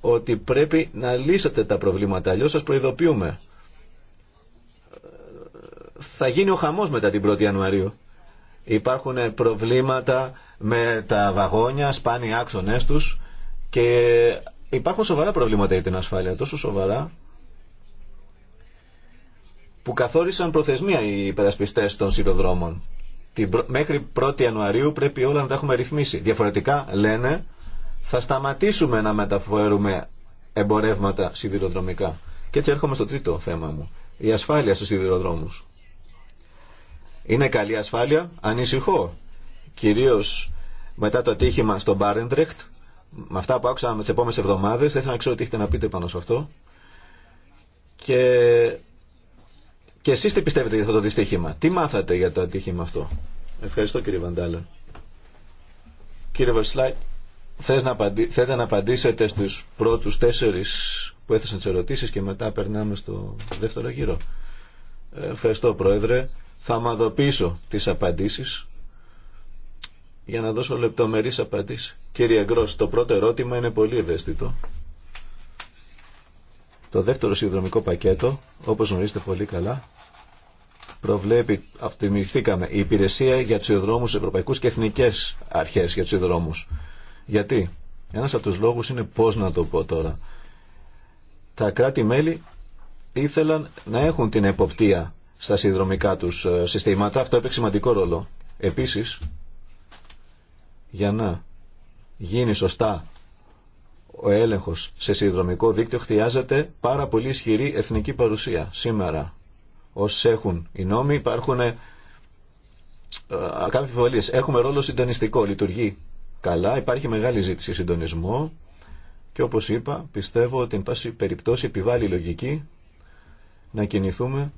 ότι πρέπει να λύσετε τα προβλήματα, αλλιώς σας προειδοποιούμε. Θα γίνει ο χαμός μετά την 1η Ιανουαρίου. Υπάρχουν προβλήματα με τα βαγόνια, σπάνιοι άξονες τους και υπάρχουν σοβαρά προβλήματα για την ασφάλεια, τόσο σοβαρά που καθόρισαν προθεσμία οι υπερασπιστές των σιδηροδρόμων. Μέχρι 1η Ιανουαρίου πρέπει όλα να τα έχουμε ρυθμίσει. Διαφορετικά λένε θα σταματήσουμε να μεταφέρουμε εμπορεύματα σιδηροδρομικά. Και έτσι έρχομαι στο τρίτο θέμα μου. Η ασφάλεια στους σιδηροδρόμους. Είναι καλή ασφάλεια, ανησυχώ. Κυρίως μετά το ατύχημα στο Μπάρεντρεχτ, με αυτά που άκουσα με τις επόμενες εβδομάδες, δεν θέλω να ξέρω τι έχετε να πείτε πάνω σε αυτό. Και, και εσείς τι πιστεύετε για αυτό το δυστύχημα. Τι μάθατε για το ατύχημα αυτό. Ευχαριστώ κύριε Βαντάλε. Κύριε Βασιλάκη. Θες να Θέλετε να απαντήσετε στους πρώτους τέσσερις που έθεσαν τις ερωτήσεις και μετά περνάμε στο δεύτερο γύρο. Ευχαριστώ Πρόεδρε. Θα μαδοποιήσω τις απαντήσεις για να δώσω λεπτομερείς απαντήσεις. Κύριε Γκρός, το πρώτο ερώτημα είναι πολύ ευαίσθητο. Το δεύτερο συνδρομικό πακέτο, όπως γνωρίζετε πολύ καλά, προβλέπει, αυτοιμηθήκαμε, η υπηρεσία για τους υδρόμους ευρωπαϊκούς και εθνικές αρχές για τους γιατί ένας από τους λόγους είναι πώς να το πω τώρα. Τα κράτη-μέλη ήθελαν να έχουν την εποπτεία στα συνδρομικά τους ε, συστήματα. Αυτό έπαιξε σημαντικό ρόλο. Επίσης, για να γίνει σωστά ο έλεγχος σε συνδρομικό δίκτυο χρειάζεται πάρα πολύ ισχυρή εθνική παρουσία. Σήμερα, όσοι έχουν οι νόμοι, υπάρχουν ε, κάποιες Έχουμε ρόλο συντονιστικό, λειτουργεί καλά, υπάρχει μεγάλη ζήτηση συντονισμό και όπως είπα πιστεύω ότι εν πάση περιπτώσει επιβάλλει λογική να κινηθούμε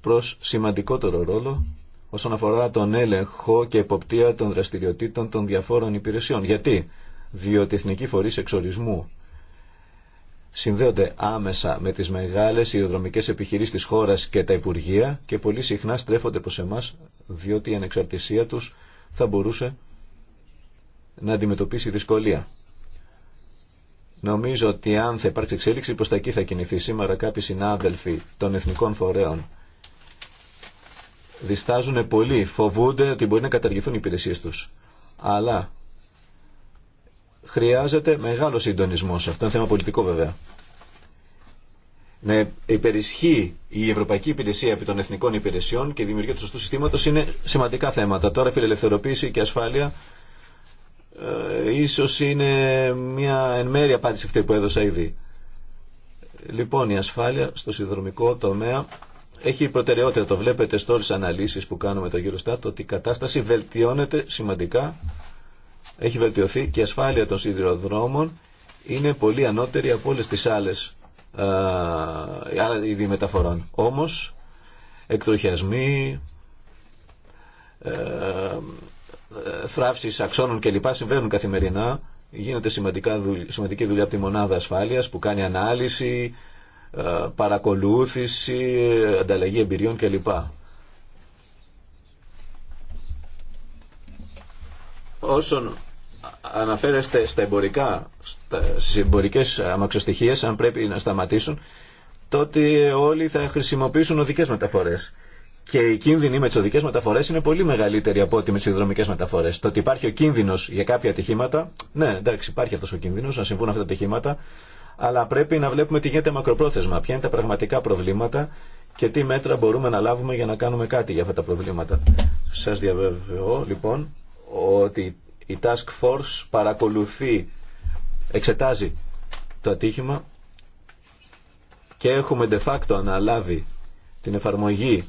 προς σημαντικότερο ρόλο όσον αφορά τον έλεγχο και εποπτεία των δραστηριοτήτων των διαφόρων υπηρεσιών. Γιατί? Διότι εθνικοί φορείς εξορισμού συνδέονται άμεσα με τις μεγάλες ιεροδρομικές επιχειρήσεις της χώρας και τα Υπουργεία και πολύ συχνά στρέφονται προς εμάς διότι η ανεξαρτησία τους θα μπορούσε να αντιμετωπίσει δυσκολία. Νομίζω ότι αν θα υπάρξει εξέλιξη, πως τα εκεί θα κινηθεί σήμερα κάποιοι συνάδελφοι των εθνικών φορέων. Διστάζουν πολύ, φοβούνται ότι μπορεί να καταργηθούν οι υπηρεσίες τους. Αλλά χρειάζεται μεγάλο συντονισμό. Αυτό είναι θέμα πολιτικό βέβαια να υπερισχύει η Ευρωπαϊκή Υπηρεσία επί των Εθνικών Υπηρεσιών και η δημιουργία του σωστού συστήματο είναι σημαντικά θέματα. Τώρα φιλελευθερωποίηση και ασφάλεια ε, ίσως είναι μια εν μέρη απάντηση αυτή που έδωσα ήδη. Λοιπόν, η ασφάλεια στο συνδρομικό τομέα έχει προτεραιότητα. Το βλέπετε στι όλε αναλύσει που κάνουμε το στάτ, ότι η κατάσταση βελτιώνεται σημαντικά. Έχει βελτιωθεί και η ασφάλεια των σιδηροδρόμων είναι πολύ ανώτερη από όλε τι άλλε άλλα είδη μεταφορών. Όμως, εκτροχιασμοί, ε, ε, θράψεις αξώνων κλπ. συμβαίνουν καθημερινά. Γίνεται σημαντική δουλειά από τη μονάδα ασφάλειας που κάνει ανάλυση, ε, παρακολούθηση, ανταλλαγή εμπειριών κλπ. Όσον αναφέρεστε στα εμπορικά, στις εμπορικές αμαξοστοιχίες, αν πρέπει να σταματήσουν, τότε όλοι θα χρησιμοποιήσουν οδικέ μεταφορέ. Και οι κίνδυνοι με τι οδικέ μεταφορέ είναι πολύ μεγαλύτεροι από ό,τι με τι δρομικέ μεταφορέ. Το ότι υπάρχει ο κίνδυνο για κάποια ατυχήματα, ναι, εντάξει, υπάρχει αυτό ο κίνδυνο να συμβούν αυτά τα ατυχήματα, αλλά πρέπει να βλέπουμε τι γίνεται μακροπρόθεσμα, ποια είναι τα πραγματικά προβλήματα και τι μέτρα μπορούμε να λάβουμε για να κάνουμε κάτι για αυτά τα προβλήματα. Σα διαβεβαιώ λοιπόν ότι η Task Force παρακολουθεί, εξετάζει το ατύχημα και έχουμε de facto αναλάβει την εφαρμογή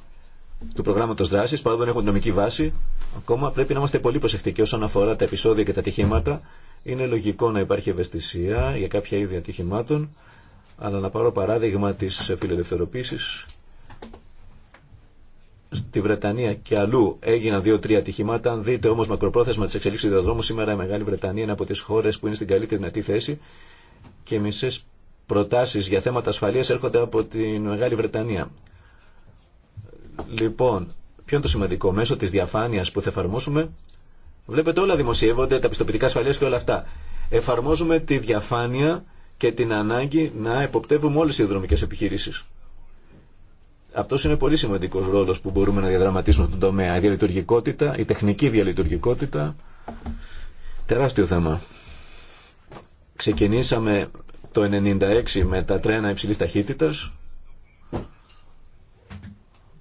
του προγράμματο δράση, που δεν έχουμε νομική βάση, ακόμα πρέπει να είμαστε πολύ προσεκτικοί όσον αφορά τα επεισόδια και τα ατυχήματα. Είναι λογικό να υπάρχει ευαισθησία για κάποια είδη ατυχημάτων, αλλά να πάρω παράδειγμα τη φιλελευθερωποίηση στη Βρετανία και αλλού έγιναν δύο-τρία ατυχημάτα. Αν δείτε όμω μακροπρόθεσμα τι εξελίξει του διαδρόμου, σήμερα η Μεγάλη Βρετανία είναι από τι χώρε που είναι στην καλύτερη δυνατή θέση και μισέ προτάσει για θέματα ασφαλεία έρχονται από τη Μεγάλη Βρετανία. Λοιπόν, ποιο είναι το σημαντικό μέσο τη διαφάνεια που θα εφαρμόσουμε. Βλέπετε όλα δημοσιεύονται, τα πιστοποιητικά ασφαλεία και όλα αυτά. Εφαρμόζουμε τη διαφάνεια και την ανάγκη να εποπτεύουμε όλε τι δρομικέ επιχειρήσει. Αυτό είναι πολύ σημαντικός ρόλος που μπορούμε να διαδραματίσουμε στον τομέα. Η διαλειτουργικότητα, η τεχνική διαλειτουργικότητα, τεράστιο θέμα. Ξεκινήσαμε το 1996 με τα τρένα υψηλής ταχύτητας.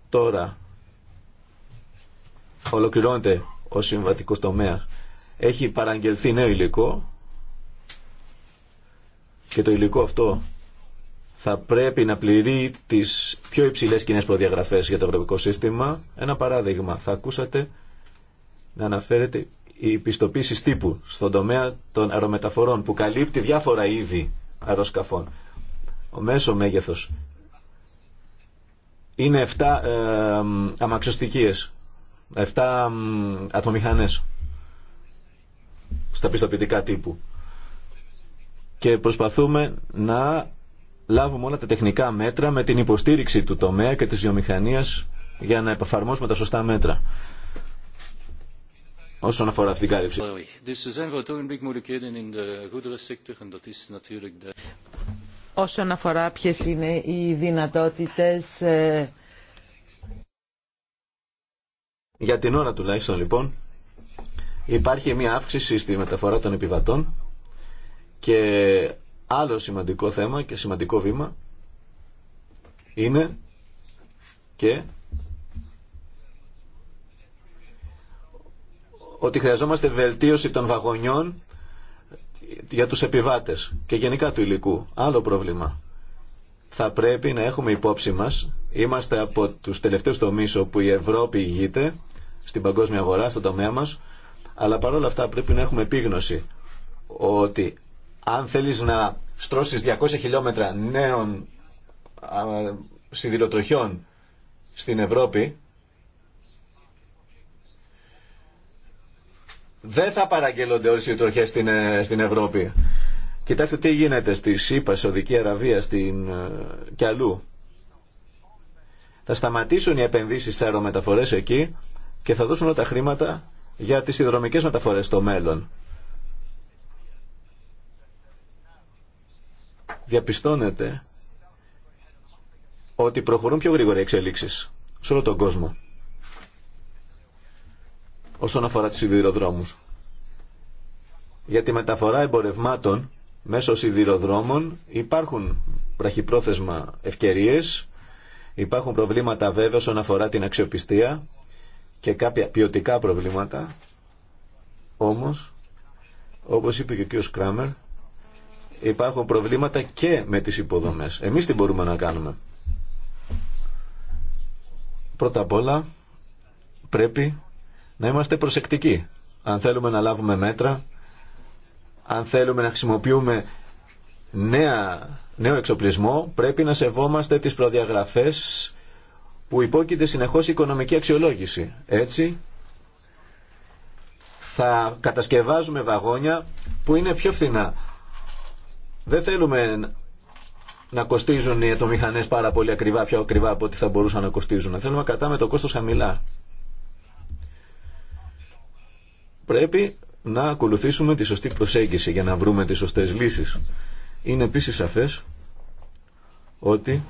Τώρα ολοκληρώνεται ο συμβατικός τομέας. Έχει παραγγελθεί νέο υλικό και το υλικό αυτό θα πρέπει να πληρεί τις πιο υψηλέ κοινέ προδιαγραφές για το ευρωπαϊκό σύστημα. Ένα παράδειγμα, θα ακούσατε να αναφέρεται η πιστοποίηση τύπου στον τομέα των αερομεταφορών που καλύπτει διάφορα είδη αεροσκαφών. Ο μέσο μέγεθος είναι 7 ε, 7 ατομικάνες στα πιστοποιητικά τύπου. Και προσπαθούμε να λάβουμε όλα τα τεχνικά μέτρα με την υποστήριξη του τομέα και της βιομηχανίας για να επαφαρμόσουμε τα σωστά μέτρα όσον αφορά αυτήν την κάλυψη. Όσον αφορά ποιες είναι οι δυνατότητες... Ε, για την ώρα τουλάχιστον λοιπόν υπάρχει μια αύξηση στη μεταφορά των επιβατών και Άλλο σημαντικό θέμα και σημαντικό βήμα είναι και ότι χρειαζόμαστε βελτίωση των βαγονιών για τους επιβάτες και γενικά του υλικού. Άλλο πρόβλημα. Θα πρέπει να έχουμε υπόψη μας, είμαστε από τους τελευταίους τομείς όπου η Ευρώπη ηγείται στην παγκόσμια αγορά, στο τομέα μας, αλλά παρόλα αυτά πρέπει να έχουμε επίγνωση ότι αν θέλεις να στρώσεις 200 χιλιόμετρα νέων σιδηροτροχιών στην Ευρώπη, δεν θα παραγγέλλονται όλες οι τροχές στην, ε, στην Ευρώπη. Κοιτάξτε τι γίνεται στη ΣΥΠΑ, Σοδική Αραβία στην, ε, και αλλού. Θα σταματήσουν οι επενδύσεις σε αερομεταφορές εκεί και θα δώσουν όλα τα χρήματα για τις συνδρομικές μεταφορές στο μέλλον. διαπιστώνεται ότι προχωρούν πιο γρήγορα οι εξελίξεις σε όλο τον κόσμο όσον αφορά τους σιδηροδρόμους. Για τη μεταφορά εμπορευμάτων μέσω σιδηροδρόμων υπάρχουν πραχυπρόθεσμα ευκαιρίες, υπάρχουν προβλήματα βέβαια όσον αφορά την αξιοπιστία και κάποια ποιοτικά προβλήματα, όμως όπως είπε και ο κ. Κράμερ, υπάρχουν προβλήματα και με τις υποδομές. Εμείς τι μπορούμε να κάνουμε. Πρώτα απ' όλα πρέπει να είμαστε προσεκτικοί. Αν θέλουμε να λάβουμε μέτρα, αν θέλουμε να χρησιμοποιούμε νέα, νέο εξοπλισμό, πρέπει να σεβόμαστε τις προδιαγραφές που υπόκειται συνεχώς η οικονομική αξιολόγηση. Έτσι, θα κατασκευάζουμε βαγόνια που είναι πιο φθηνά δεν θέλουμε να κοστίζουν οι ετομηχανέ πάρα πολύ ακριβά, πιο ακριβά από ό,τι θα μπορούσαν να κοστίζουν. Θέλουμε να κρατάμε το κόστο χαμηλά. Πρέπει να ακολουθήσουμε τη σωστή προσέγγιση για να βρούμε τις σωστές λύσεις. Είναι επίσης σαφές ότι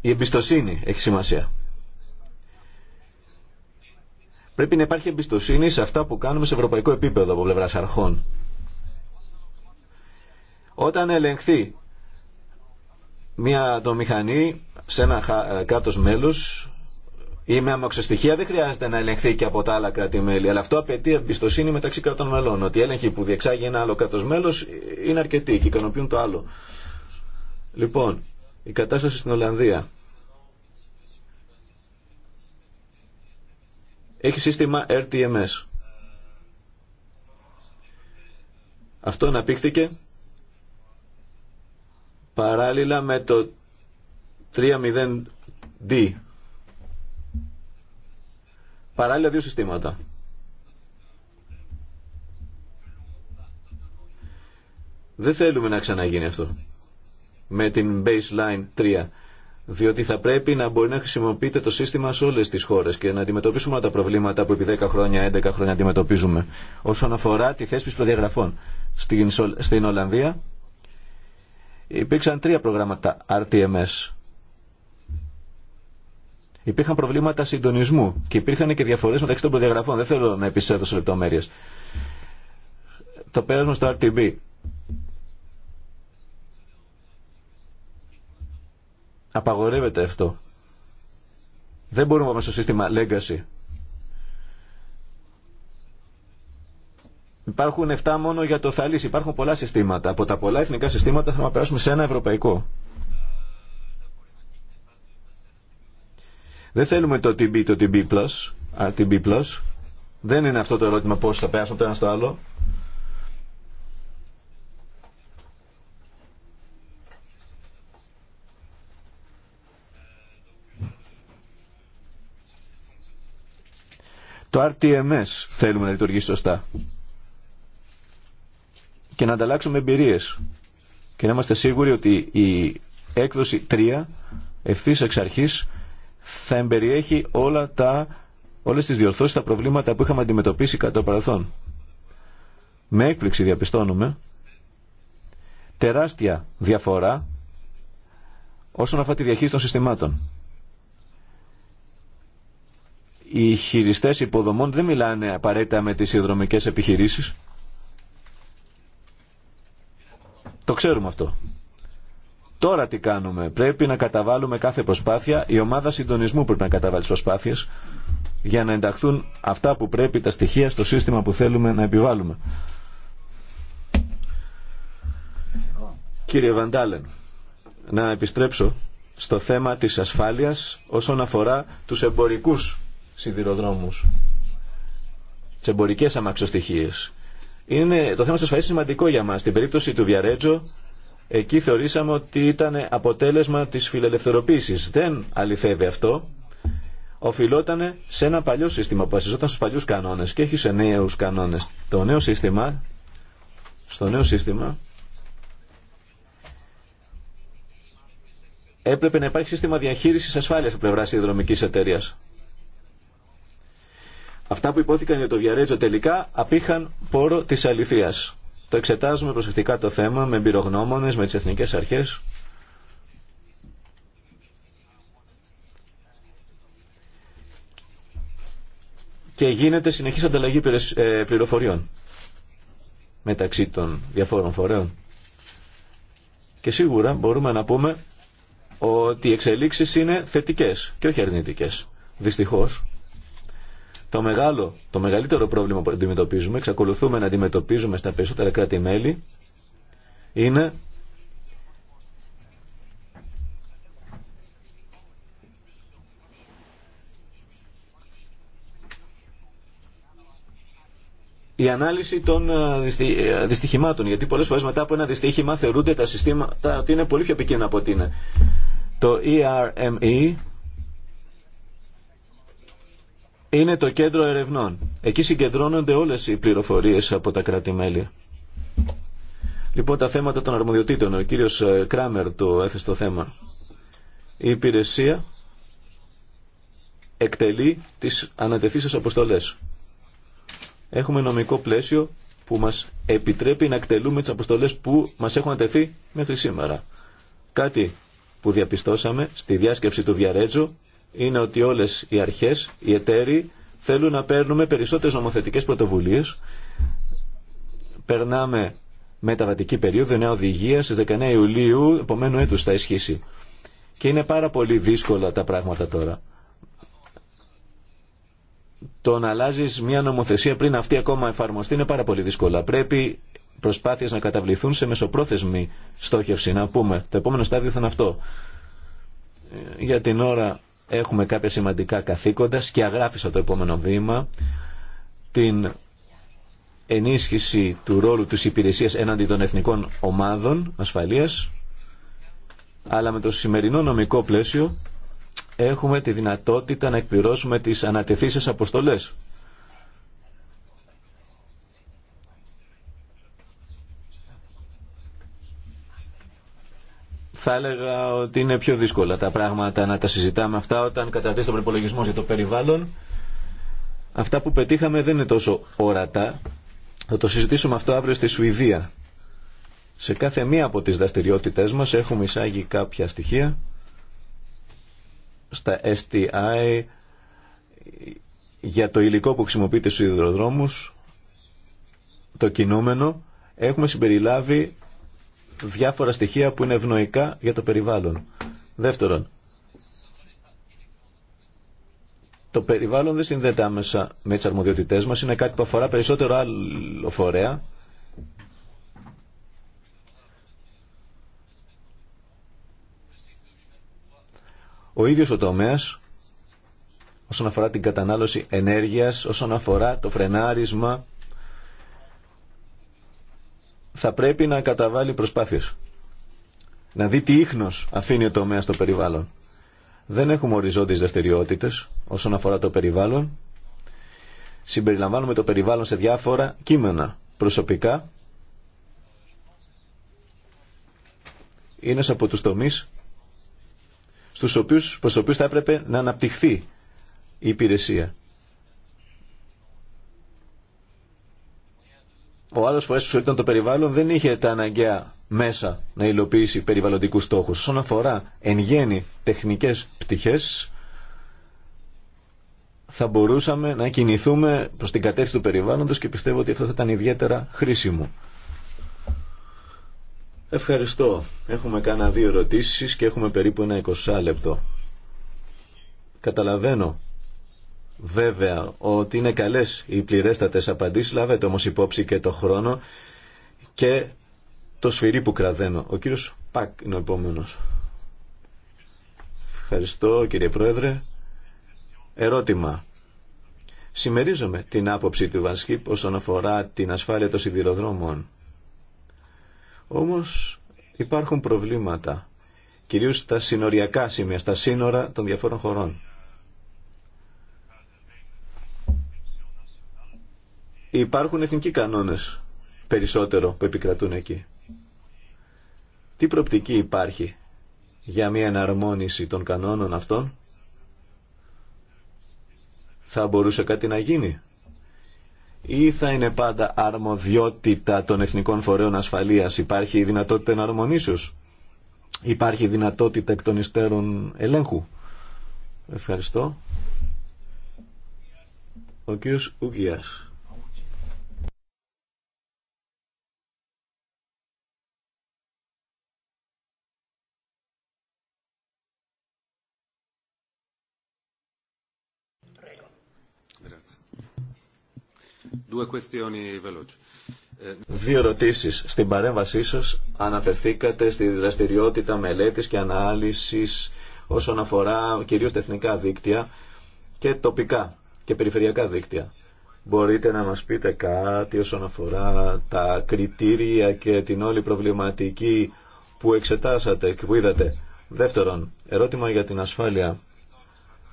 η εμπιστοσύνη έχει σημασία. Πρέπει να υπάρχει εμπιστοσύνη σε αυτά που κάνουμε σε ευρωπαϊκό επίπεδο από πλευρά αρχών. Όταν ελεγχθεί μια ατομηχανή σε ένα ε, κράτο μέλο ή με αμαξοστοιχεία δεν χρειάζεται να ελεγχθεί και από τα άλλα κράτη-μέλη. Αλλά αυτό απαιτεί εμπιστοσύνη μεταξύ κρατών μελών. Ότι η έλεγχη που διεξάγει ένα άλλο κράτο μέλο είναι αρκετή και ικανοποιούν το άλλο. Λοιπόν, η κατάσταση στην Ολλανδία. έχει σύστημα RTMS. Αυτό αναπτύχθηκε παράλληλα με το 30D. Παράλληλα δύο συστήματα. Δεν θέλουμε να ξαναγίνει αυτό με την baseline 3 διότι θα πρέπει να μπορεί να χρησιμοποιείται το σύστημα σε όλες τις χώρες και να αντιμετωπίσουμε τα προβλήματα που επί 10 χρόνια, 11 χρόνια αντιμετωπίζουμε όσον αφορά τη θέσπιση προδιαγραφών. Στην, στην Ολλανδία υπήρξαν τρία προγράμματα RTMS. Υπήρχαν προβλήματα συντονισμού και υπήρχαν και διαφορές μεταξύ των προδιαγραφών. Δεν θέλω να επισέδω σε λεπτομέρειες. Το πέρασμα στο RTB Απαγορεύεται αυτό. Δεν μπορούμε να πάμε στο σύστημα legacy. Υπάρχουν 7 μόνο για το θαλής. Υπάρχουν πολλά συστήματα. Από τα πολλά εθνικά συστήματα θα περάσουμε σε ένα ευρωπαϊκό. Δεν θέλουμε το TB, το TB+, Δεν είναι αυτό το ερώτημα πώς θα περάσουμε το ένα στο άλλο. Το RTMS θέλουμε να λειτουργήσει σωστά. Και να ανταλλάξουμε εμπειρίε. Και να είμαστε σίγουροι ότι η έκδοση 3 ευθύ εξ αρχής θα εμπεριέχει όλα τα, όλες τις διορθώσεις, τα προβλήματα που είχαμε αντιμετωπίσει κατά το παρελθόν. Με έκπληξη διαπιστώνουμε τεράστια διαφορά όσον αφορά τη διαχείριση των συστημάτων οι χειριστές υποδομών δεν μιλάνε απαραίτητα με τις υδρομικές επιχειρήσεις. Το ξέρουμε αυτό. Τώρα τι κάνουμε. Πρέπει να καταβάλουμε κάθε προσπάθεια. Η ομάδα συντονισμού πρέπει να καταβάλει τις προσπάθειες για να ενταχθούν αυτά που πρέπει τα στοιχεία στο σύστημα που θέλουμε να επιβάλλουμε. Κύριε Βαντάλεν, να επιστρέψω στο θέμα της ασφάλειας όσον αφορά τους εμπορικούς σιδηροδρόμους, τι εμπορικέ αμαξοστοιχίε. Είναι το θέμα της ασφαλείας σημαντικό για μα. Στην περίπτωση του Βιαρέτζο, εκεί θεωρήσαμε ότι ήταν αποτέλεσμα τη φιλελευθερωποίηση. Δεν αληθεύει αυτό. Οφειλόταν σε ένα παλιό σύστημα που βασιζόταν στου παλιού κανόνε και έχει σε νέου κανόνε. Το νέο σύστημα, στο νέο σύστημα έπρεπε να υπάρχει σύστημα διαχείριση ασφάλεια από πλευρά της εταιρεία. Αυτά που υπόθηκαν για το Διαρέτζο τελικά απήχαν πόρο της αληθείας. Το εξετάζουμε προσεκτικά το θέμα με εμπειρογνώμονε, με τι εθνικέ αρχές. Και γίνεται συνεχή ανταλλαγή ε, πληροφοριών μεταξύ των διαφόρων φορέων. Και σίγουρα μπορούμε να πούμε ότι οι εξελίξεις είναι θετικές και όχι αρνητικές. Δυστυχώς, το, μεγάλο, το μεγαλύτερο πρόβλημα που αντιμετωπίζουμε, εξακολουθούμε να αντιμετωπίζουμε στα περισσότερα κράτη-μέλη, είναι η ανάλυση των ε, ε, δυστυχημάτων. Γιατί πολλές φορές μετά από ένα δυστύχημα θεωρούνται τα συστήματα ότι είναι πολύ πιο επικίνδυνα από ότι είναι. Το ERME είναι το κέντρο ερευνών. Εκεί συγκεντρώνονται όλες οι πληροφορίες από τα κράτη-μέλη. Λοιπόν, τα θέματα των αρμοδιοτήτων. Ο κύριος ε, Κράμερ το έθεσε το θέμα. Η υπηρεσία εκτελεί τις ανατεθήσει αποστολέ. Έχουμε νομικό πλαίσιο που μας επιτρέπει να εκτελούμε τις αποστολές που μας έχουν ανατεθεί μέχρι σήμερα. Κάτι που διαπιστώσαμε στη διάσκεψη του Διαρέτζου είναι ότι όλε οι αρχέ, οι εταίροι, θέλουν να παίρνουμε περισσότερες νομοθετικές πρωτοβουλίες. Περνάμε μεταβατική περίοδο, νέα οδηγία, στις 19 Ιουλίου, επομένου έτους θα ισχύσει. Και είναι πάρα πολύ δύσκολα τα πράγματα τώρα. Το να αλλάζει μια νομοθεσία πριν αυτή ακόμα εφαρμοστεί είναι πάρα πολύ δύσκολα. Πρέπει προσπάθειες να καταβληθούν σε μεσοπρόθεσμη στόχευση. Να πούμε, το επόμενο στάδιο θα είναι αυτό. Για την ώρα έχουμε κάποια σημαντικά καθήκοντα και αγράφησα το επόμενο βήμα την ενίσχυση του ρόλου της υπηρεσίας έναντι των εθνικών ομάδων ασφαλείας αλλά με το σημερινό νομικό πλαίσιο έχουμε τη δυνατότητα να εκπληρώσουμε τις ανατεθήσεις αποστολές θα έλεγα ότι είναι πιο δύσκολα τα πράγματα να τα συζητάμε αυτά όταν κατατίθεται ο προπολογισμό για το περιβάλλον. Αυτά που πετύχαμε δεν είναι τόσο ορατά. Θα το συζητήσουμε αυτό αύριο στη Σουηδία. Σε κάθε μία από τις δραστηριότητές μας έχουμε εισάγει κάποια στοιχεία στα STI για το υλικό που χρησιμοποιείται στους υδροδρόμους, το κινούμενο, έχουμε συμπεριλάβει διάφορα στοιχεία που είναι ευνοϊκά για το περιβάλλον. Δεύτερον, το περιβάλλον δεν συνδέεται άμεσα με τις αρμοδιότητές μας, είναι κάτι που αφορά περισσότερο άλλο φορέα. Ο ίδιος ο τομέας, όσον αφορά την κατανάλωση ενέργειας, όσον αφορά το φρενάρισμα, θα πρέπει να καταβάλει προσπάθειες. Να δει τι ίχνος αφήνει ο τομέα στο περιβάλλον. Δεν έχουμε οριζόντιες δραστηριότητε όσον αφορά το περιβάλλον. Συμπεριλαμβάνουμε το περιβάλλον σε διάφορα κείμενα. Προσωπικά είναι από τους τομείς στους οποίους, οποίους θα έπρεπε να αναπτυχθεί η υπηρεσία. ο άλλο φορέα που ήταν το περιβάλλον δεν είχε τα αναγκαία μέσα να υλοποιήσει περιβαλλοντικού στόχου. Όσον αφορά εν γέννη τεχνικέ πτυχέ, θα μπορούσαμε να κινηθούμε προ την κατεύθυνση του περιβάλλοντο και πιστεύω ότι αυτό θα ήταν ιδιαίτερα χρήσιμο. Ευχαριστώ. Έχουμε κάνα δύο ερωτήσεις και έχουμε περίπου ένα 20 λεπτό. Καταλαβαίνω βέβαια ότι είναι καλές οι πληρέστατες απαντήσεις, λάβετε όμως υπόψη και το χρόνο και το σφυρί που κραδένω. Ο κύριος Πακ είναι ο επόμενος. Ευχαριστώ κύριε Πρόεδρε. Ερώτημα. Συμμερίζομαι την άποψη του Βανσκίπ όσον αφορά την ασφάλεια των σιδηροδρόμων. Όμως υπάρχουν προβλήματα, κυρίως στα συνοριακά σημεία, στα σύνορα των διαφόρων χωρών. Υπάρχουν εθνικοί κανόνες περισσότερο που επικρατούν εκεί. Τι προπτική υπάρχει για μια εναρμόνιση των κανόνων αυτών. Θα μπορούσε κάτι να γίνει ή θα είναι πάντα αρμοδιότητα των Εθνικών Φορέων Ασφαλείας. Υπάρχει η δυνατότητα εναρμονίσεως. Υπάρχει η δυνατοτητα εναρμονισεως υπαρχει δυνατοτητα εκ των υστέρων ελέγχου. Ευχαριστώ. Ο κύριος Ουγγιάς. Eh, Δύο ερωτήσει. Στην παρέμβασή σα, αναφερθήκατε στη δραστηριότητα μελέτης και ανάλυση όσον αφορά κυρίω τα εθνικά δίκτυα και τοπικά και περιφερειακά δίκτυα. Μπορείτε να μας πείτε κάτι όσον αφορά τα κριτήρια και την όλη προβληματική που εξετάσατε και που είδατε. Δεύτερον, ερώτημα για την ασφάλεια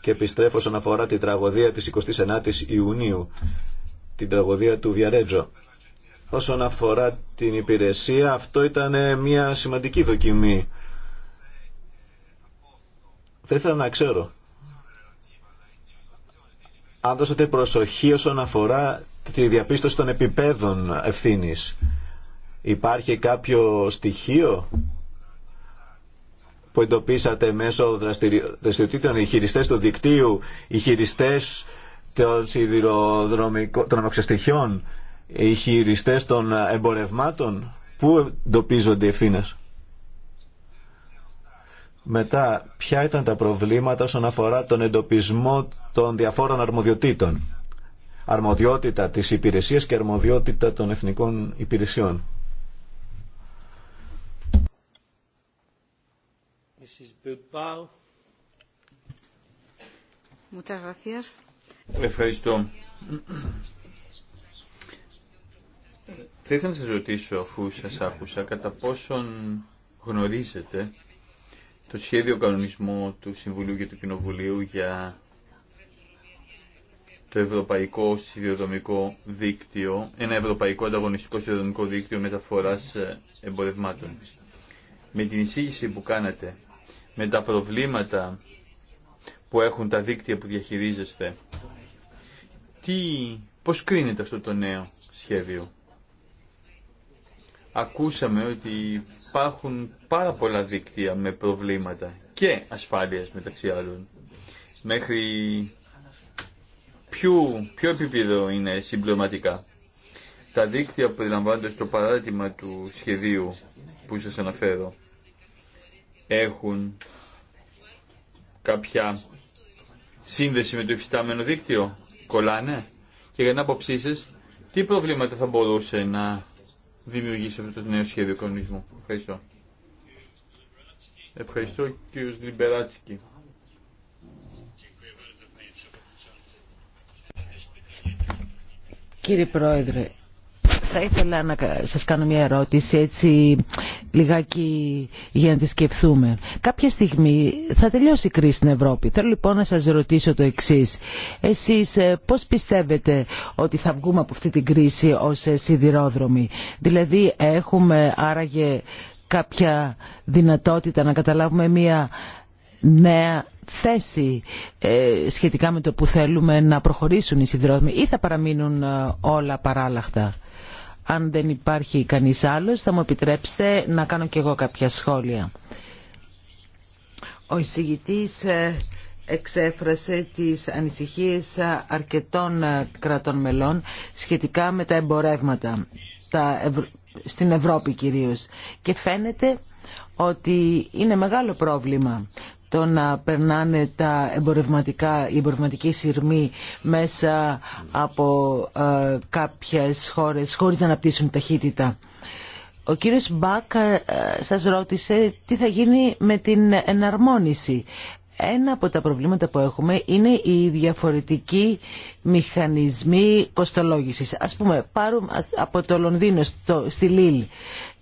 και επιστρέφω όσον αφορά την τραγωδία της 29ης Ιουνίου την τραγωδία του Βιαρέτζο. Όσον αφορά την υπηρεσία, αυτό ήταν ε, μια σημαντική δοκιμή. Δεν ήθελα να ξέρω αν δώσατε προσοχή όσον αφορά τη διαπίστωση των επιπέδων ευθύνης. Υπάρχει κάποιο στοιχείο που εντοπίσατε μέσω δραστηριοτήτων οι χειριστές του δικτύου, οι χειριστές των σιδηροδρομικών, των αμαξοστοιχειών, οι χειριστές των εμπορευμάτων, πού εντοπίζονται οι ευθύνες. Μετά, ποια ήταν τα προβλήματα όσον αφορά τον εντοπισμό των διαφόρων αρμοδιοτήτων. Αρμοδιότητα της υπηρεσίας και αρμοδιότητα των εθνικών υπηρεσιών. Muchas Ευχαριστώ. Θα ήθελα να σας ρωτήσω, αφού σας άκουσα, κατά πόσον γνωρίζετε το σχέδιο κανονισμού του Συμβουλίου και του Κοινοβουλίου για το Ευρωπαϊκό συνδιοδομικό Δίκτυο, ένα Ευρωπαϊκό Ανταγωνιστικό Σιδηροδρομικό Δίκτυο Μεταφοράς ε, Εμπορευμάτων. Με την εισήγηση που κάνατε, με τα προβλήματα που έχουν τα δίκτυα που διαχειρίζεστε, τι, πώς κρίνεται αυτό το νέο σχέδιο. Ακούσαμε ότι υπάρχουν πάρα πολλά δίκτυα με προβλήματα και ασφάλειας μεταξύ άλλων. Μέχρι ποιο, ποιο επίπεδο είναι συμπληρωματικά. Τα δίκτυα που περιλαμβάνονται στο παράδειγμα του σχεδίου που σας αναφέρω έχουν κάποια σύνδεση με το υφιστάμενο δίκτυο κολλάνε και για να άποψή σα, τι προβλήματα θα μπορούσε να δημιουργήσει αυτό το νέο σχέδιο οικονομισμού. Ευχαριστώ. Ευχαριστώ κύριο Λιμπεράτσικη. Κύριε Πρόεδρε, θα ήθελα να σας κάνω μια ερώτηση έτσι λιγάκι για να τη σκεφτούμε. Κάποια στιγμή θα τελειώσει η κρίση στην Ευρώπη. Θέλω λοιπόν να σας ρωτήσω το εξής. Εσείς ε, πώς πιστεύετε ότι θα βγούμε από αυτή την κρίση ως ε, σιδηρόδρομοι. Δηλαδή έχουμε άραγε κάποια δυνατότητα να καταλάβουμε μια νέα θέση ε, σχετικά με το που θέλουμε να προχωρήσουν οι σιδηρόδρομοι ή θα παραμείνουν όλα παράλλαχτα. Αν δεν υπάρχει κανείς άλλος θα μου επιτρέψετε να κάνω και εγώ κάποια σχόλια. Ο εισηγητής ε, εξέφρασε τις ανησυχίες ε, αρκετών ε, κρατών μελών σχετικά με τα εμπορεύματα στην Ευρώπη κυρίως και φαίνεται ότι είναι μεγάλο πρόβλημα το να περνάνε τα εμπορευματικά, η εμπορευματική σειρμή μέσα από ε, κάποιες χώρες χωρίς να αναπτύσσουν ταχύτητα. Ο κύριος Μπακ ε, σας ρώτησε τι θα γίνει με την εναρμόνιση. Ένα από τα προβλήματα που έχουμε είναι οι διαφορετικοί μηχανισμοί κοστολόγησης. Ας πούμε, πάρουμε από το Λονδίνο στο, στη Λίλ...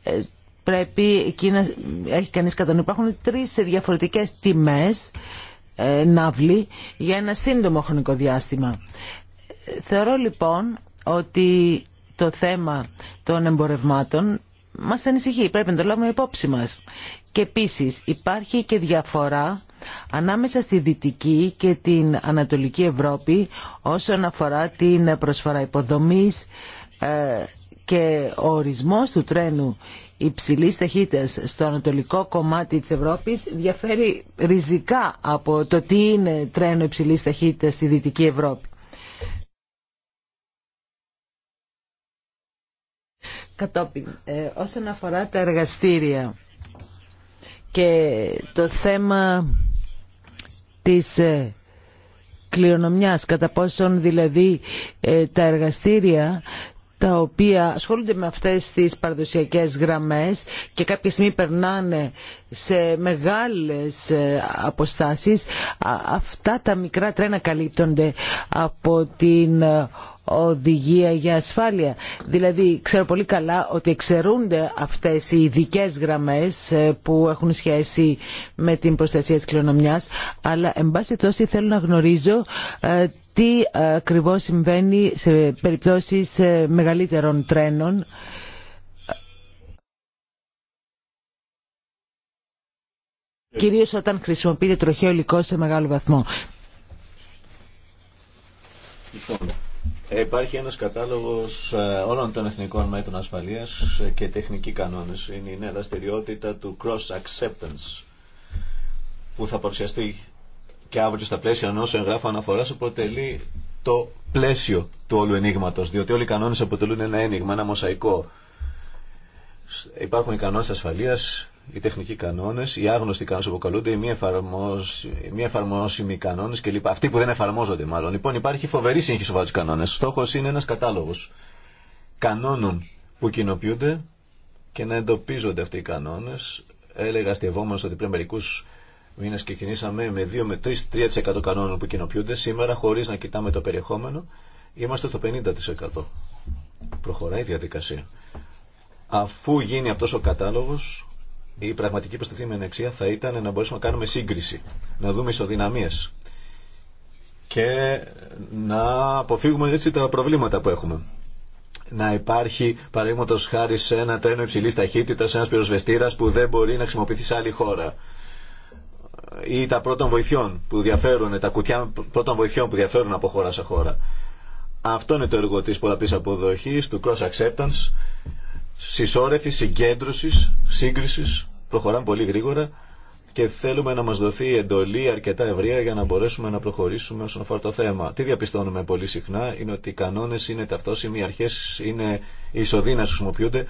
Ε, πρέπει εκεί να έχει κανείς κατά νου. Υπάρχουν τρεις διαφορετικές τιμές ε, ναύλη για ένα σύντομο χρονικό διάστημα. Θεωρώ λοιπόν ότι το θέμα των εμπορευμάτων μας ανησυχεί. Πρέπει να το λάβουμε υπόψη μας. Και επίσης υπάρχει και διαφορά ανάμεσα στη Δυτική και την Ανατολική Ευρώπη όσον αφορά την προσφορά υποδομής, ε, και ο ορισμός του τρένου υψηλής ταχύτητας στο ανατολικό κομμάτι της Ευρώπης διαφέρει ριζικά από το τι είναι τρένο υψηλής ταχύτητας στη Δυτική Ευρώπη. Κατόπιν, ε, όσον αφορά τα εργαστήρια και το θέμα της ε, κληρονομιάς, κατά πόσον δηλαδή ε, τα εργαστήρια τα οποία ασχολούνται με αυτές τις παραδοσιακές γραμμές και κάποια στιγμή περνάνε σε μεγάλες ε, αποστάσεις. Αυτά τα μικρά τρένα καλύπτονται από την ε, οδηγία για ασφάλεια. Δηλαδή, ξέρω πολύ καλά ότι εξαιρούνται αυτές οι ειδικέ γραμμές ε, που έχουν σχέση με την προστασία της κληρονομιάς, αλλά εν πάση θέλω να γνωρίζω τι ακριβώ συμβαίνει σε περιπτώσεις ε, μεγαλύτερων τρένων. Κυρίως όταν χρησιμοποιείται τροχαίο υλικό σε μεγάλο βαθμό. Λοιπόν, υπάρχει ένας κατάλογος ε, όλων των εθνικών μέτρων ασφαλείας ε, και τεχνικοί κανόνες. Είναι η νέα δραστηριότητα του cross acceptance που θα παρουσιαστεί και αύριο στα πλαίσια ενό εγγράφου αναφορά αποτελεί το πλαίσιο του όλου ενίγματο. Διότι όλοι οι κανόνε αποτελούν ένα ένιγμα, ένα μοσαϊκό. Υπάρχουν οι κανόνε ασφαλεία, οι τεχνικοί κανόνε, οι άγνωστοι κανόνε που αποκαλούνται, οι μη, οι μη εφαρμόσιμοι κανόνε κλπ. Αυτοί που δεν εφαρμόζονται μάλλον. Λοιπόν, υπάρχει φοβερή σύγχυση βάζει κανόνε. Στόχο είναι ένα κατάλογο κανόνων που κοινοποιούνται και να εντοπίζονται αυτοί οι κανόνε. Έλεγα στη ότι πριν μερικού μήνε και με 2 με 3-3% κανόνων που κοινοποιούνται. Σήμερα, χωρί να κοιτάμε το περιεχόμενο, είμαστε στο 50%. Προχωράει η διαδικασία. Αφού γίνει αυτό ο κατάλογο, η πραγματική προστιθέμενη αξία θα ήταν να μπορέσουμε να κάνουμε σύγκριση, να δούμε ισοδυναμίε και να αποφύγουμε έτσι τα προβλήματα που έχουμε. Να υπάρχει, παραδείγματο χάρη, σε ένα τρένο υψηλή ταχύτητα, ένα πυροσβεστήρα που δεν μπορεί να χρησιμοποιηθεί σε άλλη χώρα ή τα πρώτων βοηθειών που διαφέρουν, τα κουτιά πρώτων βοηθειών που διαφέρουν από χώρα σε χώρα. Αυτό είναι το έργο τη πολλαπλή αποδοχή του cross acceptance, συσσόρευση, συγκέντρωσης, σύγκριση. προχωράμε πολύ γρήγορα και θέλουμε να μα δοθεί εντολή αρκετά ευρεία για να μπορέσουμε να προχωρήσουμε όσον αφορά το θέμα. Τι διαπιστώνουμε πολύ συχνά είναι ότι οι κανόνε είναι ταυτόσιμοι, οι αρχέ, είναι ισοδύνας χρησιμοποιούνται,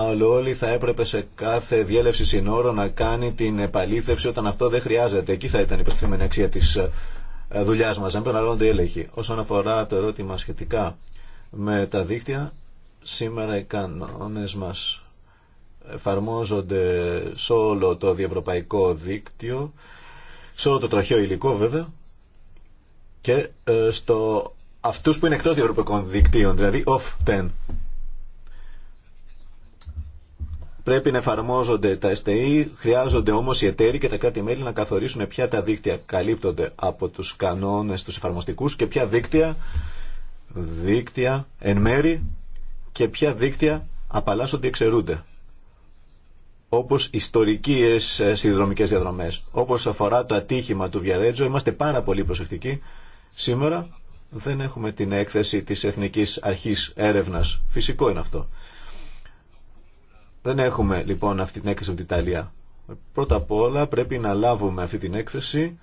αλλά όλοι θα έπρεπε σε κάθε διέλευση συνόρων να κάνει την επαλήθευση όταν αυτό δεν χρειάζεται. Εκεί θα ήταν η προστιθέμενη αξία τη ε, ε, δουλειά μα, να πρέπει να έλεγχοι. Όσον αφορά το ερώτημα σχετικά με τα δίκτυα, σήμερα οι κανόνε μα εφαρμόζονται σε όλο το διευρωπαϊκό δίκτυο, σε όλο το τροχαίο υλικό βέβαια και ε, στο αυτούς που είναι εκτός διευρωπαϊκών δικτύων, δηλαδή Πρέπει να εφαρμόζονται τα STI, χρειάζονται όμω οι εταίροι και τα κράτη-μέλη να καθορίσουν ποια τα δίκτυα καλύπτονται από του κανόνε του εφαρμοστικού και ποια δίκτυα, δίκτυα εν μέρη και ποια δίκτυα απαλλάσσονται ή εξαιρούνται. Όπω ιστορικέ ε, συνδρομικέ διαδρομέ. Όπω αφορά το ατύχημα του Βιαρέτζο, είμαστε πάρα πολύ προσεκτικοί. Σήμερα δεν έχουμε την έκθεση της Εθνικής Αρχής Έρευνας. Φυσικό είναι αυτό. Δεν έχουμε λοιπόν αυτή την έκθεση από την Ιταλία. Πρώτα απ' όλα πρέπει να λάβουμε αυτή την έκθεση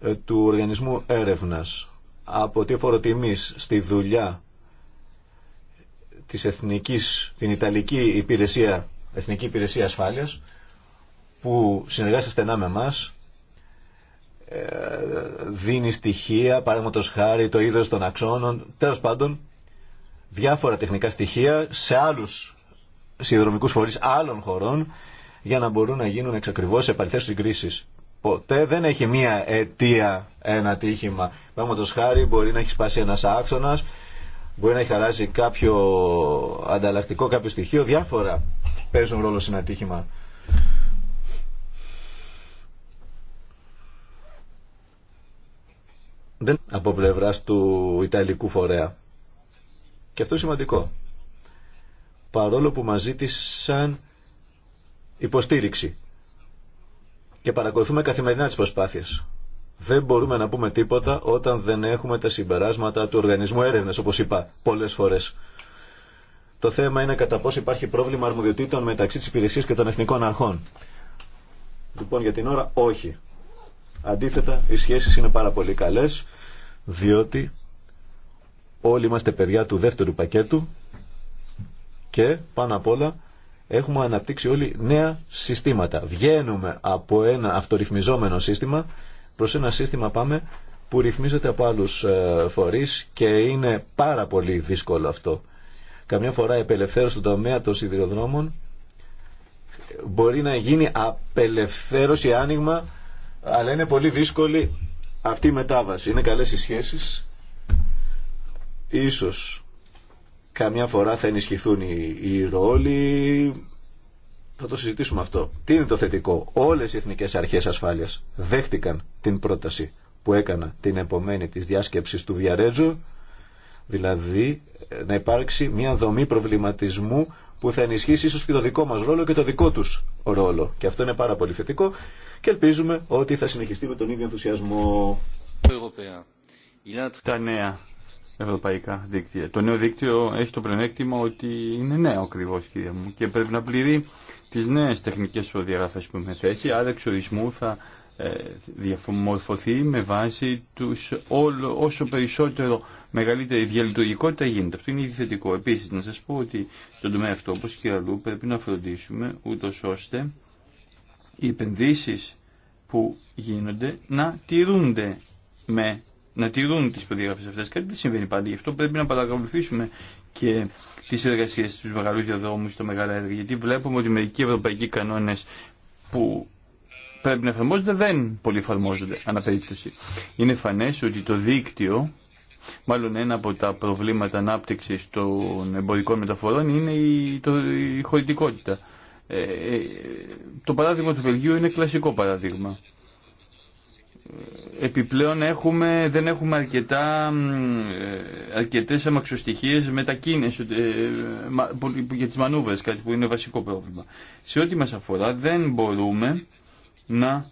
ε, του οργανισμού έρευνας από τι φοροτιμής στη δουλειά της εθνικής, την Ιταλική υπηρεσία, Εθνική Υπηρεσία Ασφάλειας που συνεργάζεται στενά με μας ε, δίνει στοιχεία, παραδείγματο χάρη το είδος των αξώνων, τέλος πάντων διάφορα τεχνικά στοιχεία σε άλλους συνδρομικού φορεί άλλων χωρών για να μπορούν να γίνουν εξακριβώ επαληθέ συγκρίσει. Ποτέ δεν έχει μία αιτία ένα τύχημα. το χάρη μπορεί να έχει σπάσει ένα άξονα, μπορεί να έχει χαλάσει κάποιο ανταλλακτικό, κάποιο στοιχείο. Διάφορα παίζουν ρόλο σε ένα τύχημα. Δεν από πλευρά του Ιταλικού φορέα. Και αυτό σημαντικό παρόλο που μας ζήτησαν υποστήριξη. Και παρακολουθούμε καθημερινά τις προσπάθειες. Δεν μπορούμε να πούμε τίποτα όταν δεν έχουμε τα συμπεράσματα του οργανισμού έρευνες, όπως είπα πολλές φορές. Το θέμα είναι κατά πώς υπάρχει πρόβλημα αρμοδιοτήτων μεταξύ της υπηρεσίας και των εθνικών αρχών. Λοιπόν, για την ώρα όχι. Αντίθετα, οι σχέσεις είναι πάρα πολύ καλές, διότι όλοι είμαστε παιδιά του δεύτερου πακέτου και πάνω απ' όλα έχουμε αναπτύξει όλοι νέα συστήματα. Βγαίνουμε από ένα αυτορυθμιζόμενο σύστημα προς ένα σύστημα πάμε που ρυθμίζεται από άλλους ε, φορείς και είναι πάρα πολύ δύσκολο αυτό. Καμιά φορά η απελευθέρωση του τομέα των σιδηροδρόμων μπορεί να γίνει απελευθέρωση, άνοιγμα, αλλά είναι πολύ δύσκολη αυτή η μετάβαση. Είναι καλές οι σχέσεις, ίσως Καμιά φορά θα ενισχυθούν οι, ρόλοι. Θα το συζητήσουμε αυτό. Τι είναι το θετικό. Όλες οι εθνικές αρχές ασφάλειας δέχτηκαν την πρόταση που έκανα την επομένη της διάσκεψης του Βιαρέτζου, δηλαδή ε, να υπάρξει μια δομή προβληματισμού που θα ενισχύσει ίσως και το δικό μας ρόλο και το δικό τους ρόλο. Και αυτό είναι πάρα πολύ θετικό και ελπίζουμε ότι θα συνεχιστεί με τον ίδιο ενθουσιασμό ευρωπαϊκά δίκτυα. Το νέο δίκτυο έχει το πλεονέκτημα ότι είναι νέο ακριβώ, κύριε μου, και πρέπει να πληρεί τι νέε τεχνικέ προδιαγραφέ που έχουμε θέσει. Άρα, εξ ορισμού θα ε, διαμορφωθεί με βάση του όσο περισσότερο μεγαλύτερη διαλειτουργικότητα γίνεται. Αυτό είναι ήδη θετικό. Επίσης να σα πω ότι στον τομέα αυτό όπω και αλλού πρέπει να φροντίσουμε ούτω ώστε οι επενδύσει που γίνονται να τηρούνται με να τηρούν τις προδιαγραφές αυτές. Κάτι δεν συμβαίνει πάντα. Γι' αυτό πρέπει να παρακολουθήσουμε και τις εργασίες στους μεγάλους διαδρόμους, στα μεγάλα έργα. Γιατί βλέπουμε ότι μερικοί ευρωπαϊκοί κανόνες που πρέπει να εφαρμόζονται δεν πολύ εφαρμόζονται ανά Είναι φανές ότι το δίκτυο Μάλλον ένα από τα προβλήματα ανάπτυξης των εμπορικών μεταφορών είναι η, το, η χωρητικότητα. Ε, ε, το παράδειγμα του Βελγίου είναι κλασικό παράδειγμα επιπλέον έχουμε, δεν έχουμε αρκετά, ε, αρκετές αμαξοστοιχίες μετακίνηση ε, για τις μανούβες, κάτι που είναι βασικό πρόβλημα. Σε ό,τι μας αφορά δεν μπορούμε να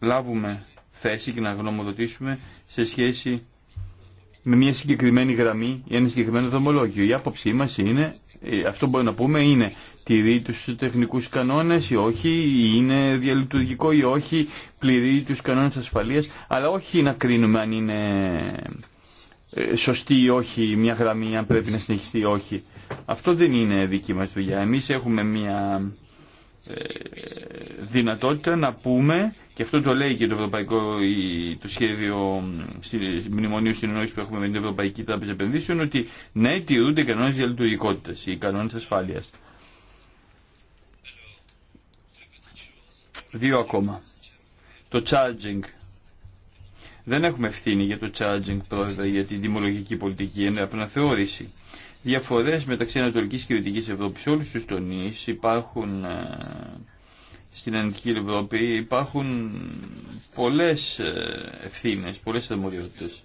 λάβουμε θέση και να γνωμοδοτήσουμε σε σχέση με μια συγκεκριμένη γραμμή ή ένα συγκεκριμένο δομολόγιο. Η άποψή μας είναι ε, αυτό μπορεί να πούμε είναι τηρεί του τεχνικούς κανόνε ή όχι, είναι διαλειτουργικό ή όχι, πληρεί τους κανόνες ασφαλείας, αλλά όχι να κρίνουμε αν είναι ε, σωστή ή όχι μια γραμμή, αν πρέπει να συνεχιστεί ή όχι. Αυτό δεν είναι δική μας δουλειά. Εμεί έχουμε μια ε, δυνατότητα να πούμε και αυτό το λέει και το ευρωπαϊκό το σχέδιο μνημονίου συνεννόηση που έχουμε με την Ευρωπαϊκή Τράπεζα Επενδύσεων ότι ναι, τηρούνται οι κανόνε διαλειτουργικότητα, οι κανόνε ασφάλεια. Δύο ακόμα. Το charging. Δεν έχουμε ευθύνη για το charging, πρόεδρε, για την τιμολογική πολιτική. Είναι θεωρήσει. Διαφορέ μεταξύ Ανατολική και Δυτική Ευρώπη σε όλου του υπάρχουν ε, στην Ανατολική Ευρώπη υπάρχουν πολλές ε, ευθύνες, πολλές θερμοδιότητες.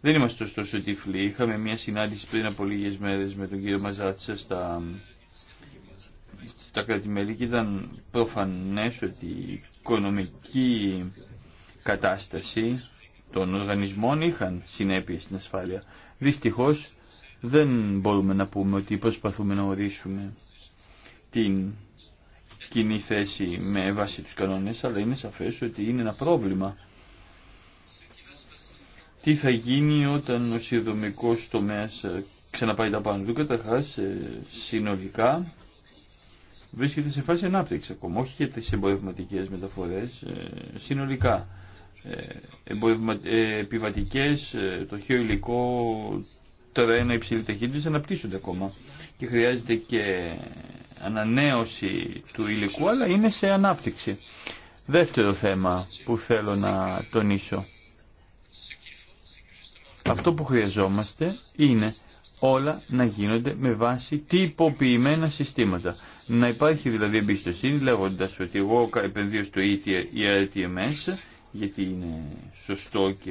Δεν είμαστε ωστόσο τυφλοί. Είχαμε μια συνάντηση πριν από λίγες μέρες με τον κύριο Μαζάτσα στα, στα κρατημέλη και ήταν προφανές ότι η οικονομική κατάσταση των οργανισμών είχαν συνέπειες στην ασφάλεια. Δυστυχώς δεν μπορούμε να πούμε ότι προσπαθούμε να ορίσουμε την κοινή θέση με βάση τους κανόνες, αλλά είναι σαφές ότι είναι ένα πρόβλημα. Τι θα γίνει όταν ο σιδομικός τομέας ε, ξαναπάει τα πάνω του, καταρχάς ε, συνολικά βρίσκεται σε φάση ανάπτυξη ακόμα, όχι για τις εμπορευματικές μεταφορές, ε, συνολικά. Επιβατικές, το χείο Τώρα ένα υψηλή ταχύτητα αναπτύσσονται ακόμα και χρειάζεται και ανανέωση του υλικού, αλλά είναι σε ανάπτυξη. Δεύτερο θέμα που θέλω να τονίσω. Αυτό που χρειαζόμαστε είναι όλα να γίνονται με βάση τυποποιημένα συστήματα. Να υπάρχει δηλαδή εμπιστοσύνη λέγοντα ότι εγώ επενδύω στο ETMS e γιατί είναι σωστό και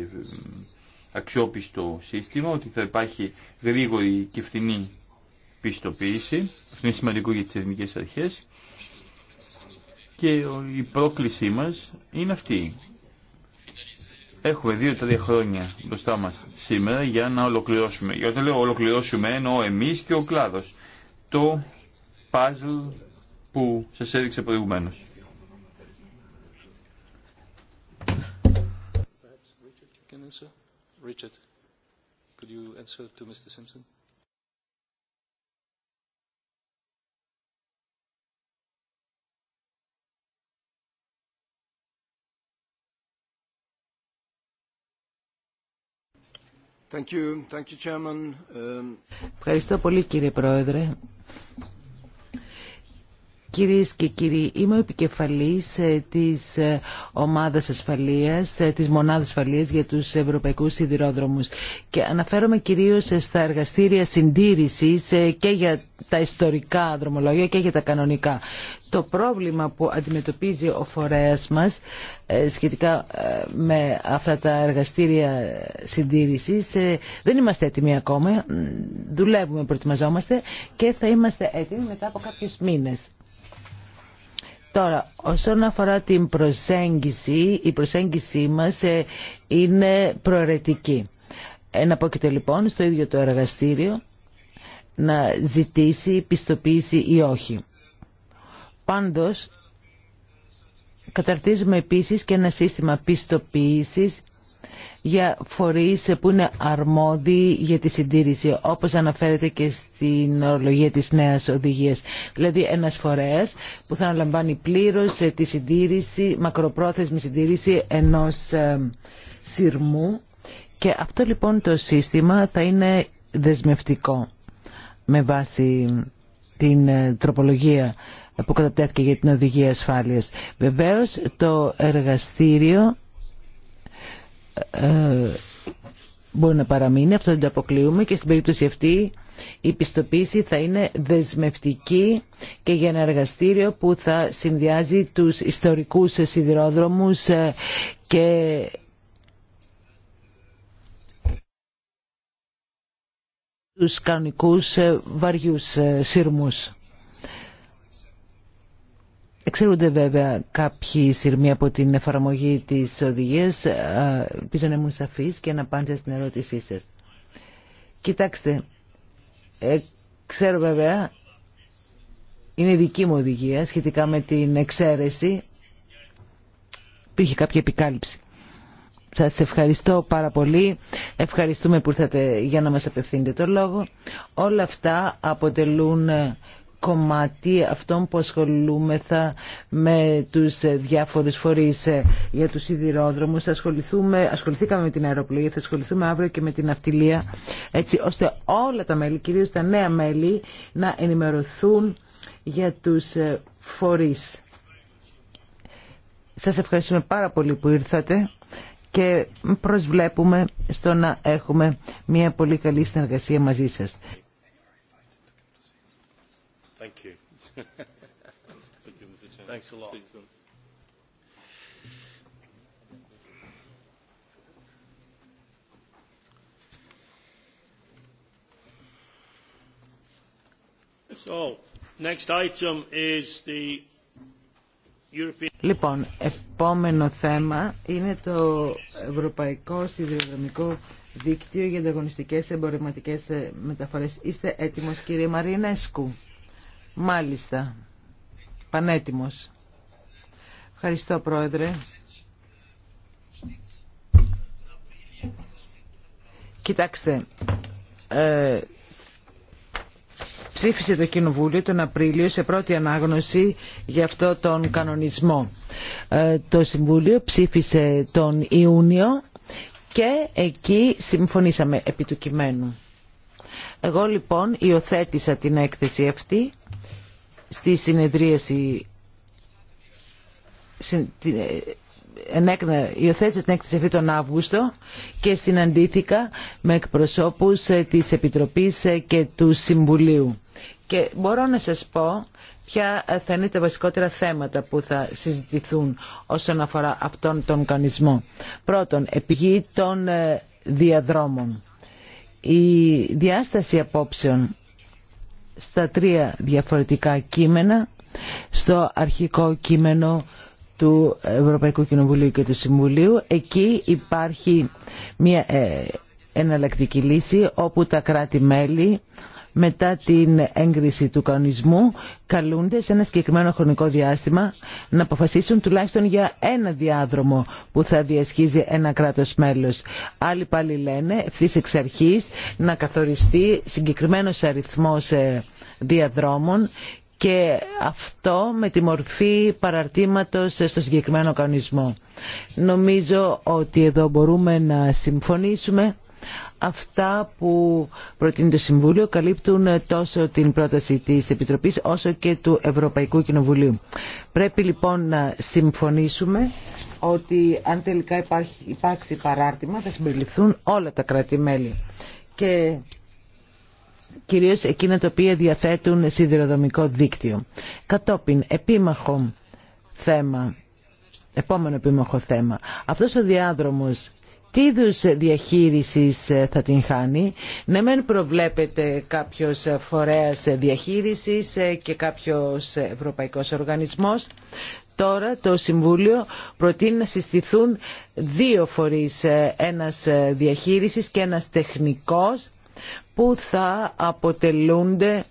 αξιόπιστο σύστημα, ότι θα υπάρχει γρήγορη και φθηνή πιστοποίηση. Αυτό είναι σημαντικό για τις εθνικές αρχές. Και η πρόκλησή μας είναι αυτή. Έχουμε δύο-τρία χρόνια μπροστά μας σήμερα για να ολοκληρώσουμε. Για όταν λέω ολοκληρώσουμε εννοώ εμείς και ο κλάδος. Το παζλ που σας έδειξε προηγουμένως. Richard, could you answer to Mr. Simpson? Thank you. Thank you, Chairman. Ευχαριστώ πολύ κύριε Πρόεδρε. Κυρίες και κύριοι, είμαι ο επικεφαλής ε, της ε, ομάδας ασφαλείας, ε, της μονάδας ασφαλείας για τους ευρωπαϊκούς σιδηρόδρομους και αναφέρομαι κυρίως στα εργαστήρια συντήρησης και για τα ιστορικά δρομολόγια και για τα κανονικά. Το πρόβλημα που αντιμετωπίζει ο φορέας μας σχετικά με αυτά τα εργαστήρια συντήρησης δεν είμαστε έτοιμοι ακόμα, δουλεύουμε, προετοιμαζόμαστε και θα είμαστε έτοιμοι μετά από κάποιους μήνες. Τώρα, όσον αφορά την προσέγγιση, η προσέγγιση μας ε, είναι προαιρετική. Εναπόκειται λοιπόν στο ίδιο το εργαστήριο να ζητήσει πιστοποίηση ή όχι. Πάντως, καταρτίζουμε επίσης και ένα σύστημα πιστοποίησης για φορείς που είναι αρμόδιοι για τη συντήρηση, όπως αναφέρεται και στην ορολογία της νέας οδηγίας. Δηλαδή ένας φορέας που θα αναλαμβάνει πλήρως ε, τη συντήρηση, μακροπρόθεσμη συντήρηση ενός ε, σειρμού και αυτό λοιπόν το σύστημα θα είναι δεσμευτικό με βάση την ε, τροπολογία που κατατέθηκε για την οδηγία ασφάλειας. Βεβαίως το εργαστήριο ε, μπορεί να παραμείνει, αυτό δεν το αποκλείουμε και στην περίπτωση αυτή η πιστοποίηση θα είναι δεσμευτική και για ένα εργαστήριο που θα συνδυάζει τους ιστορικούς σιδηρόδρομους ε, και τους κανονικούς ε, βαριούς σύρμους. Εξαιρούνται βέβαια κάποιοι σειρμοί από την εφαρμογή της οδηγίας. Ελπίζω να ήμουν σαφής και να απάντησα στην ερώτησή σας. Κοιτάξτε, ε, ξέρω βέβαια, είναι δική μου οδηγία σχετικά με την εξαίρεση. Υπήρχε κάποια επικάλυψη. Σας ευχαριστώ πάρα πολύ. Ευχαριστούμε που ήρθατε για να μας απευθύνετε το λόγο. Όλα αυτά αποτελούν κομμάτι αυτών που ασχολούμεθα με τους ε, διάφορους φορείς ε, για τους σιδηρόδρομους. Ασχοληθούμε, ασχοληθήκαμε με την αεροπλοία, θα ασχοληθούμε αύριο και με την αυτιλία, έτσι ώστε όλα τα μέλη, κυρίως τα νέα μέλη, να ενημερωθούν για τους ε, φορείς. Σας ευχαριστούμε πάρα πολύ που ήρθατε και προσβλέπουμε στο να έχουμε μια πολύ καλή συνεργασία μαζί σας. Thank you. Thanks a lot. So, next item is the European... Λοιπόν, επόμενο θέμα είναι το Ευρωπαϊκό Σιδηροδρομικό Δίκτυο για ανταγωνιστικές εμπορευματικές μεταφορές. Είστε έτοιμος κύριε Μαρινέσκου. Μάλιστα. Πανέτοιμος. Ευχαριστώ, Πρόεδρε. Κοιτάξτε, ε, ψήφισε το Κοινοβούλιο τον Απρίλιο σε πρώτη ανάγνωση για αυτό τον κανονισμό. Ε, το Συμβούλιο ψήφισε τον Ιούνιο και εκεί συμφωνήσαμε επί του κειμένου. Εγώ λοιπόν υιοθέτησα την έκθεση αυτή στη συνεδρίαση ε, υιοθέτησα την έκθεση αυτή τον Αύγουστο και συναντήθηκα με εκπροσώπους ε, της Επιτροπής ε, και του Συμβουλίου. Και μπορώ να σας πω ποια θα είναι τα βασικότερα θέματα που θα συζητηθούν όσον αφορά αυτόν τον κανονισμό. Πρώτον, επιγή των διαδρόμων η διάσταση απόψεων στα τρία διαφορετικά κείμενα στο αρχικό κείμενο του Ευρωπαϊκού Κοινοβουλίου και του Συμβουλίου. Εκεί υπάρχει μια ε, εναλλακτική λύση όπου τα κράτη-μέλη μετά την έγκριση του κανονισμού καλούνται σε ένα συγκεκριμένο χρονικό διάστημα να αποφασίσουν τουλάχιστον για ένα διάδρομο που θα διασχίζει ένα κράτος μέλος. Άλλοι πάλι λένε ευθύς εξ αρχής να καθοριστεί συγκεκριμένος αριθμός ε, διαδρόμων και αυτό με τη μορφή παραρτήματος στο συγκεκριμένο κανονισμό. Νομίζω ότι εδώ μπορούμε να συμφωνήσουμε Αυτά που προτείνει το Συμβούλιο καλύπτουν τόσο την πρόταση της Επιτροπής όσο και του Ευρωπαϊκού Κοινοβουλίου. Πρέπει λοιπόν να συμφωνήσουμε ότι αν τελικά υπάρχει, υπάρξει παράρτημα θα συμπεριληφθούν όλα τα κράτη-μέλη και κυρίως εκείνα τα οποία διαθέτουν σιδηροδομικό δίκτυο. Κατόπιν, επίμαχο θέμα, επόμενο επίμαχο θέμα. Αυτός ο διάδρομος τι είδου διαχείριση ε, θα την χάνει. Ναι, μεν προβλέπεται κάποιο φορέα διαχείριση ε, και κάποιο ευρωπαϊκό οργανισμό. Τώρα το Συμβούλιο προτείνει να συστηθούν δύο φορείς, ε, ένας διαχείρισης και ένας τεχνικός που θα αποτελούνται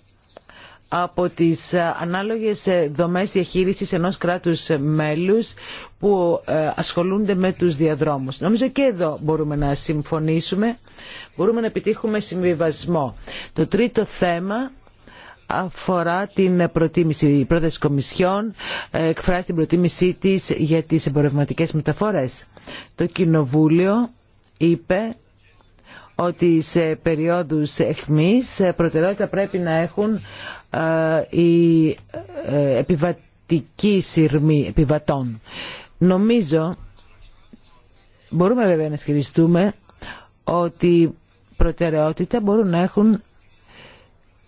από τις ε, ανάλογες ε, δομές διαχείρισης ενός κράτους ε, μέλους που ασχολούνται με τους διαδρόμους. Νομίζω και εδώ μπορούμε να συμφωνήσουμε, μπορούμε να επιτύχουμε συμβιβασμό. Το τρίτο θέμα αφορά την προτίμηση. Η πρόταση Κομισιόν εκφράζει την προτίμησή της για τις εμπορευματικές μεταφορές. Το Κοινοβούλιο είπε ότι σε περίοδους εχμής προτεραιότητα πρέπει να έχουν ε, η ε, επιβατική σειρμή επιβατών. Νομίζω, μπορούμε βέβαια να ισχυριστούμε ότι προτεραιότητα μπορούν να έχουν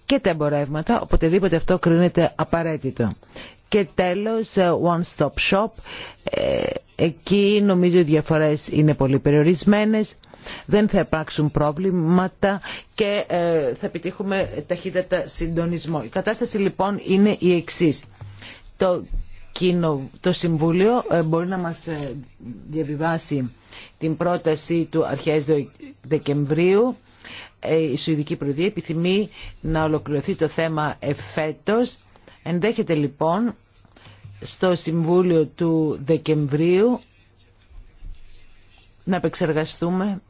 και τα εμπορεύματα, οποτεδήποτε αυτό κρίνεται απαραίτητο. Και τέλος, ε, One Stop Shop, εκεί νομίζω οι διαφορές είναι πολύ περιορισμένες δεν θα υπάρξουν πρόβληματα και ε, θα επιτύχουμε ταχύτατα συντονισμό. Η κατάσταση λοιπόν είναι η εξής. Το το Συμβούλιο ε, μπορεί να μας ε, διαβιβάσει την πρόταση του αρχές Δεκεμβρίου. Η Σουηδική Προεδρία επιθυμεί να ολοκληρωθεί το θέμα εφέτος. Ενδέχεται λοιπόν στο Συμβούλιο του Δεκεμβρίου να επεξεργαστούμε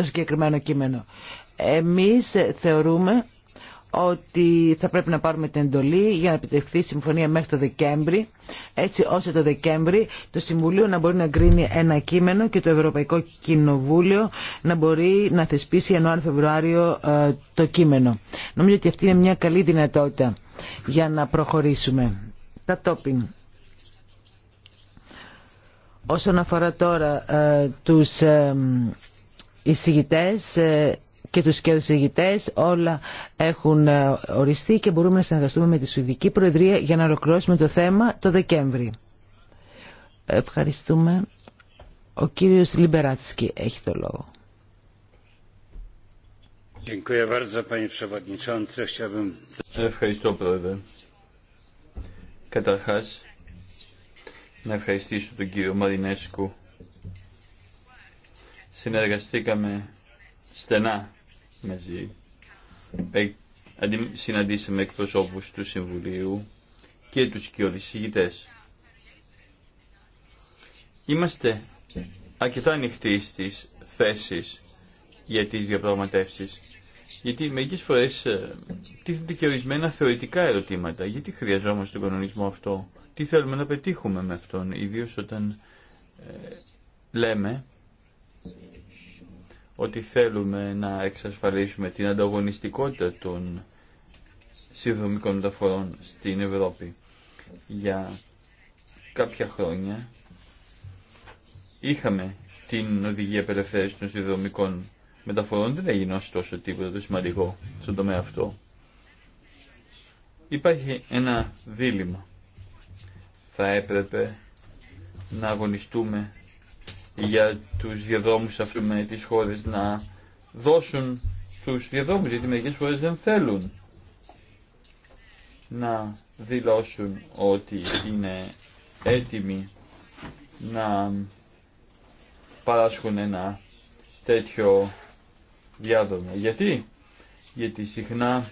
το συγκεκριμένο κείμενο. Εμείς θεωρούμε ότι θα πρέπει να πάρουμε την εντολή για να επιτευχθεί η συμφωνία μέχρι το Δεκέμβρη, έτσι ώστε το Δεκέμβρη το Συμβουλίο να μπορεί να κρίνει ένα κείμενο και το Ευρωπαϊκό Κοινοβούλιο να μπορεί να θεσπίσει Ιανουάριο-Φεβρουάριο ε, το κείμενο. Νομίζω ότι αυτή είναι μια καλή δυνατότητα για να προχωρήσουμε. Τα τόπιν. Όσον αφορά τώρα ε, τους ε, οι εισηγητές ε, και τους και συγητές όλα έχουν ε, οριστεί και μπορούμε να συνεργαστούμε με τη Σουηδική Προεδρία για να ολοκληρώσουμε το θέμα το Δεκέμβρη. Ευχαριστούμε. Ο κύριος Λιμπεράτσκι έχει το λόγο. Ευχαριστώ πρόεδρε. Καταρχάς να ευχαριστήσω τον κύριο Μαρινέσκου συνεργαστήκαμε στενά μαζί. Ε, συναντήσαμε εκπροσώπους του Συμβουλίου και τους κοιοδησηγητές. Είμαστε αρκετά ανοιχτοί στις θέσεις για τις διαπραγματεύσεις. Γιατί μερικέ φορέ ε, τίθενται και ορισμένα θεωρητικά ερωτήματα. Γιατί χρειαζόμαστε τον κανονισμό αυτό, τι θέλουμε να πετύχουμε με αυτόν, ιδίω όταν ε, λέμε ότι θέλουμε να εξασφαλίσουμε την ανταγωνιστικότητα των συνδρομικών μεταφορών στην Ευρώπη. Για κάποια χρόνια είχαμε την οδηγία απελευθέρωση των συνδρομικών μεταφορών, δεν έγινε ωστόσο τίποτα το σημαντικό στον τομέα αυτό. Υπάρχει ένα δίλημα. Θα έπρεπε να αγωνιστούμε για τους διαδρόμους αυτού με τις χώρες να δώσουν τους διαδρόμους, γιατί μερικές φορές δεν θέλουν να δηλώσουν ότι είναι έτοιμοι να παράσχουν ένα τέτοιο διάδρομο. Γιατί? Γιατί συχνά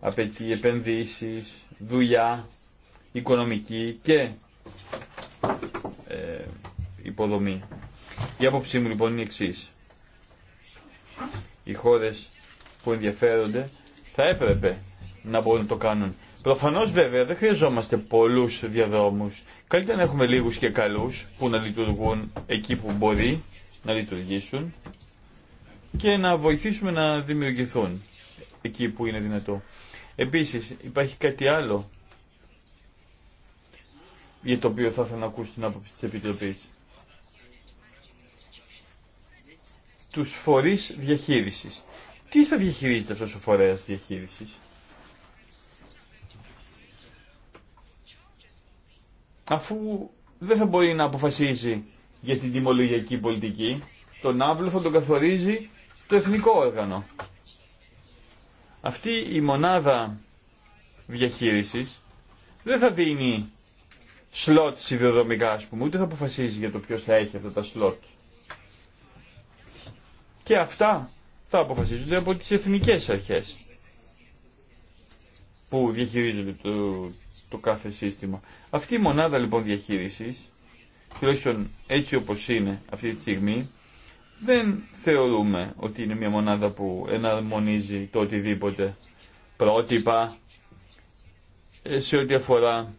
απαιτεί επενδύσεις, δουλειά, οικονομική και ε, υποδομή. Η άποψή μου λοιπόν είναι εξή. Οι χώρε που ενδιαφέρονται θα έπρεπε να μπορούν να το κάνουν. Προφανώ βέβαια δεν χρειαζόμαστε πολλού διαδρόμου. Καλύτερα να έχουμε λίγου και καλού που να λειτουργούν εκεί που μπορεί να λειτουργήσουν και να βοηθήσουμε να δημιουργηθούν εκεί που είναι δυνατό. Επίσης υπάρχει κάτι άλλο για το οποίο θα ήθελα να ακούσω την άποψη της Επιτροπής. τους φορείς διαχείρισης. Τι θα διαχειρίζεται αυτός ο φορέας διαχείρισης. Αφού δεν θα μπορεί να αποφασίζει για την τιμολογιακή πολιτική, τον άβλο θα τον καθορίζει το εθνικό όργανο. Αυτή η μονάδα διαχείρισης δεν θα δίνει σλότ σιδηροδρομικά, ας πούμε, ούτε θα αποφασίζει για το ποιος θα έχει αυτά τα σλότ και αυτά θα αποφασίζονται από τις εθνικές αρχές που διαχειρίζονται το, κάθε σύστημα. Αυτή η μονάδα λοιπόν διαχείρισης, τουλάχιστον έτσι όπως είναι αυτή τη στιγμή, δεν θεωρούμε ότι είναι μια μονάδα που εναρμονίζει το οτιδήποτε πρότυπα ε, σε ό,τι αφορά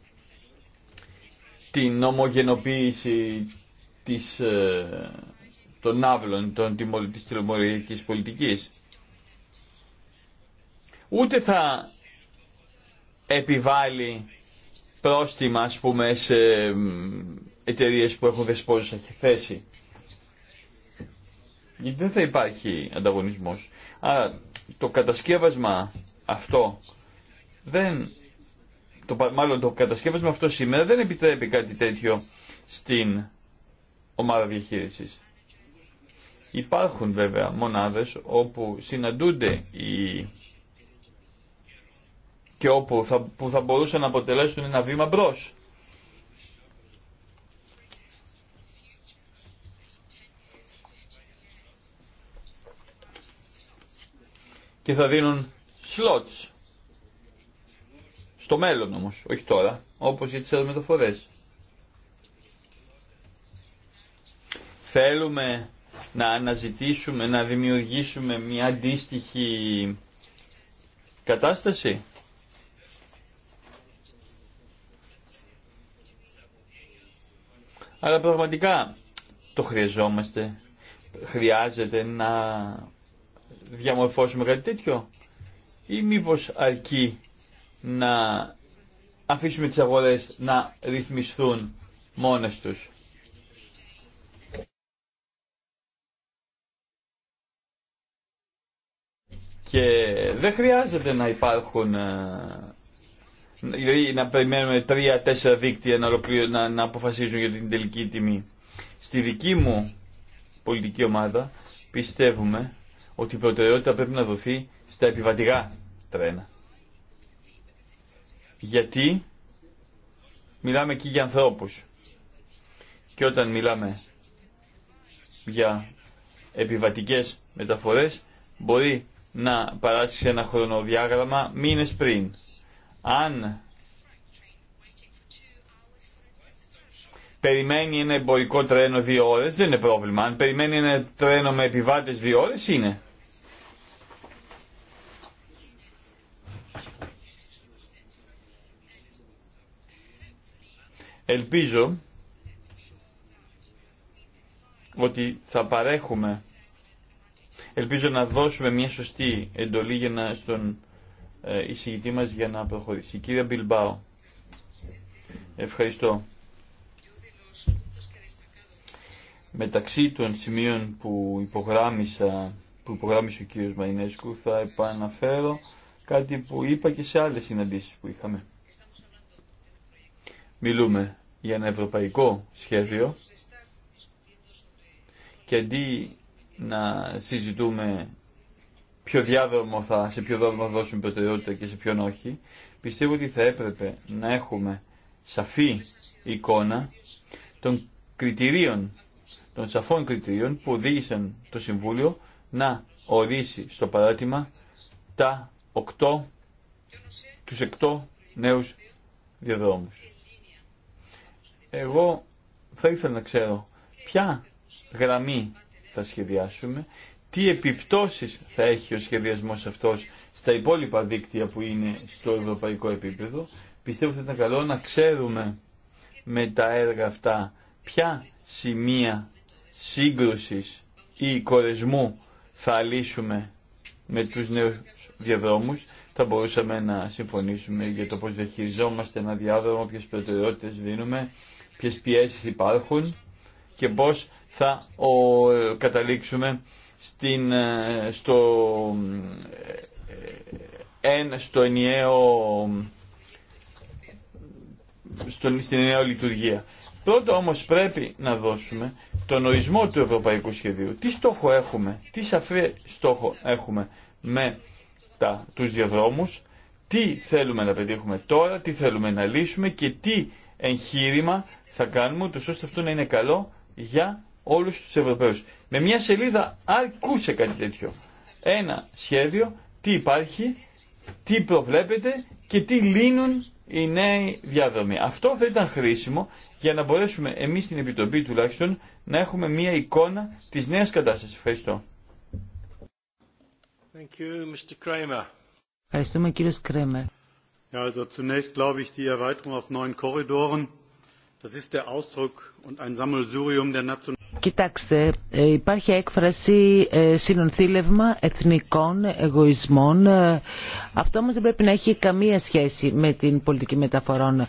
την ομογενοποίηση της ε, των άβλων των της τηλεμοριακής πολιτικής. Ούτε θα επιβάλλει πρόστιμα, ας πούμε, σε εταιρείε που έχουν δεσπόζουσα θέση. δεν θα υπάρχει ανταγωνισμός. Άρα το κατασκεύασμα αυτό δεν... Το, μάλλον το κατασκεύασμα αυτό σήμερα δεν επιτρέπει κάτι τέτοιο στην ομάδα διαχείρισης. Υπάρχουν βέβαια μονάδες όπου συναντούνται οι και όπου θα, που θα μπορούσαν να αποτελέσουν ένα βήμα μπρος. Και θα δίνουν σλότς. Στο μέλλον όμως, όχι τώρα, όπως για τις αερομεταφορές. Θέλουμε να αναζητήσουμε, να δημιουργήσουμε μια αντίστοιχη κατάσταση. Αλλά πραγματικά το χρειαζόμαστε. Χρειάζεται να διαμορφώσουμε κάτι τέτοιο ή μήπως αρκεί να αφήσουμε τις αγορές να ρυθμιστούν μόνες τους. Και δεν χρειάζεται να υπάρχουν ε, δηλαδή να περιμένουμε τρία-τέσσερα δίκτυα να, να, αποφασίζουν για την τελική τιμή. Στη δική μου πολιτική ομάδα πιστεύουμε ότι η προτεραιότητα πρέπει να δοθεί στα επιβατικά τρένα. Γιατί μιλάμε εκεί για ανθρώπους. Και όταν μιλάμε για επιβατικές μεταφορές μπορεί να παράσεις ένα χρονοδιάγραμμα μήνες πριν. Αν περιμένει ένα εμπορικό τρένο δύο ώρες, δεν είναι πρόβλημα. Αν περιμένει ένα τρένο με επιβάτες δύο ώρες, είναι. Ελπίζω ότι θα παρέχουμε Ελπίζω να δώσουμε μια σωστή εντολή για να, στον ε, εισηγητή μας για να προχωρήσει. Κύριε Μπιλμπάο, ευχαριστώ. Μεταξύ των σημείων που υπογράμμισα που υπογράμμισε ο κύριος Μαρινέσκου θα επαναφέρω κάτι που είπα και σε άλλες συναντήσεις που είχαμε. Μιλούμε για ένα ευρωπαϊκό σχέδιο και αντί να συζητούμε ποιο διάδρομο θα, σε ποιο δρόμο θα δώσουμε προτεραιότητα και σε ποιον όχι. Πιστεύω ότι θα έπρεπε να έχουμε σαφή εικόνα των κριτηρίων, των σαφών κριτηρίων που οδήγησαν το Συμβούλιο να ορίσει στο παράτημα τα οκτώ, τους εκτό νέους διαδρόμους. Εγώ θα ήθελα να ξέρω ποια γραμμή θα σχεδιάσουμε, τι επιπτώσεις θα έχει ο σχεδιασμός αυτός στα υπόλοιπα δίκτυα που είναι στο ευρωπαϊκό επίπεδο. Πιστεύω ότι θα ήταν καλό να ξέρουμε με τα έργα αυτά ποια σημεία σύγκρουσης ή κορεσμού θα λύσουμε με τους νέους διαδρόμους. Θα μπορούσαμε να συμφωνήσουμε για το πώς διαχειριζόμαστε ένα διάδρομο, ποιες προτεραιότητες δίνουμε, ποιες πιέσεις υπάρχουν και πώς θα καταλήξουμε στην, ε, στο, ε, εν, στο ενιαίο στην ενιαία λειτουργία. Πρώτα όμως πρέπει να δώσουμε τον ορισμό του ευρωπαϊκού σχεδίου. Τι στόχο έχουμε, τι σαφή στόχο έχουμε με τα, τους διαδρόμους, τι θέλουμε να πετύχουμε τώρα, τι θέλουμε να λύσουμε και τι εγχείρημα θα κάνουμε, ούτως ώστε αυτό να είναι καλό για όλους τους Ευρωπαίους. Με μια σελίδα αρκούσε κάτι τέτοιο. Ένα σχέδιο, τι υπάρχει, τι προβλέπεται και τι λύνουν οι νέοι διάδρομοι. Αυτό θα ήταν χρήσιμο για να μπορέσουμε εμείς στην Επιτροπή τουλάχιστον να έχουμε μια εικόνα της νέας κατάστασης. Ευχαριστώ. Thank you, Mr. Ευχαριστούμε κύριος Κρέμερ. Das ist der Ausdruck und ein Sammelsurium der nationalen Κοιτάξτε, ε, υπάρχει έκφραση ε, συνονθήλευμα εθνικών εγωισμών. Ε, αυτό όμως δεν πρέπει να έχει καμία σχέση με την πολιτική μεταφορών.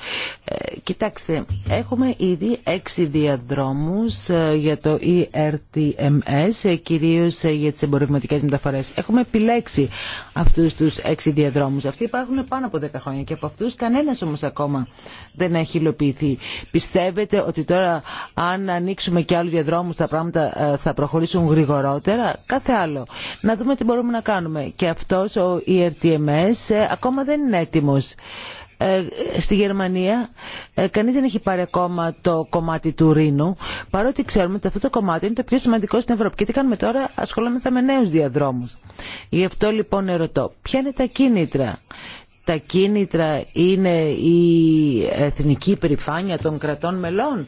Κοιτάξτε, έχουμε ήδη έξι διαδρόμους για το ERTMS, κυρίως για τις εμπορευματικές μεταφορές. Έχουμε επιλέξει αυτούς τους έξι διαδρόμους. Αυτοί υπάρχουν πάνω από δέκα χρόνια και από αυτούς κανένας όμως ακόμα δεν έχει υλοποιηθεί. Πιστεύετε ότι τώρα αν ανοίξουμε και άλλο διαδρόμο όμως τα πράγματα ε, θα προχωρήσουν γρηγορότερα, κάθε άλλο. Να δούμε τι μπορούμε να κάνουμε. Και αυτός ο ERTMS ε, ακόμα δεν είναι έτοιμος. Ε, στη Γερμανία κανείς δεν έχει πάρει ακόμα το κομμάτι του Ρήνου, παρότι ξέρουμε ότι αυτό το κομμάτι είναι το πιο σημαντικό στην Ευρώπη. Και τι κάνουμε τώρα, ασχολούμαστε με νέους διαδρόμους. Γι' αυτό λοιπόν ερωτώ, ποια είναι τα κίνητρα τα κίνητρα είναι η εθνική περηφάνεια των κρατών μελών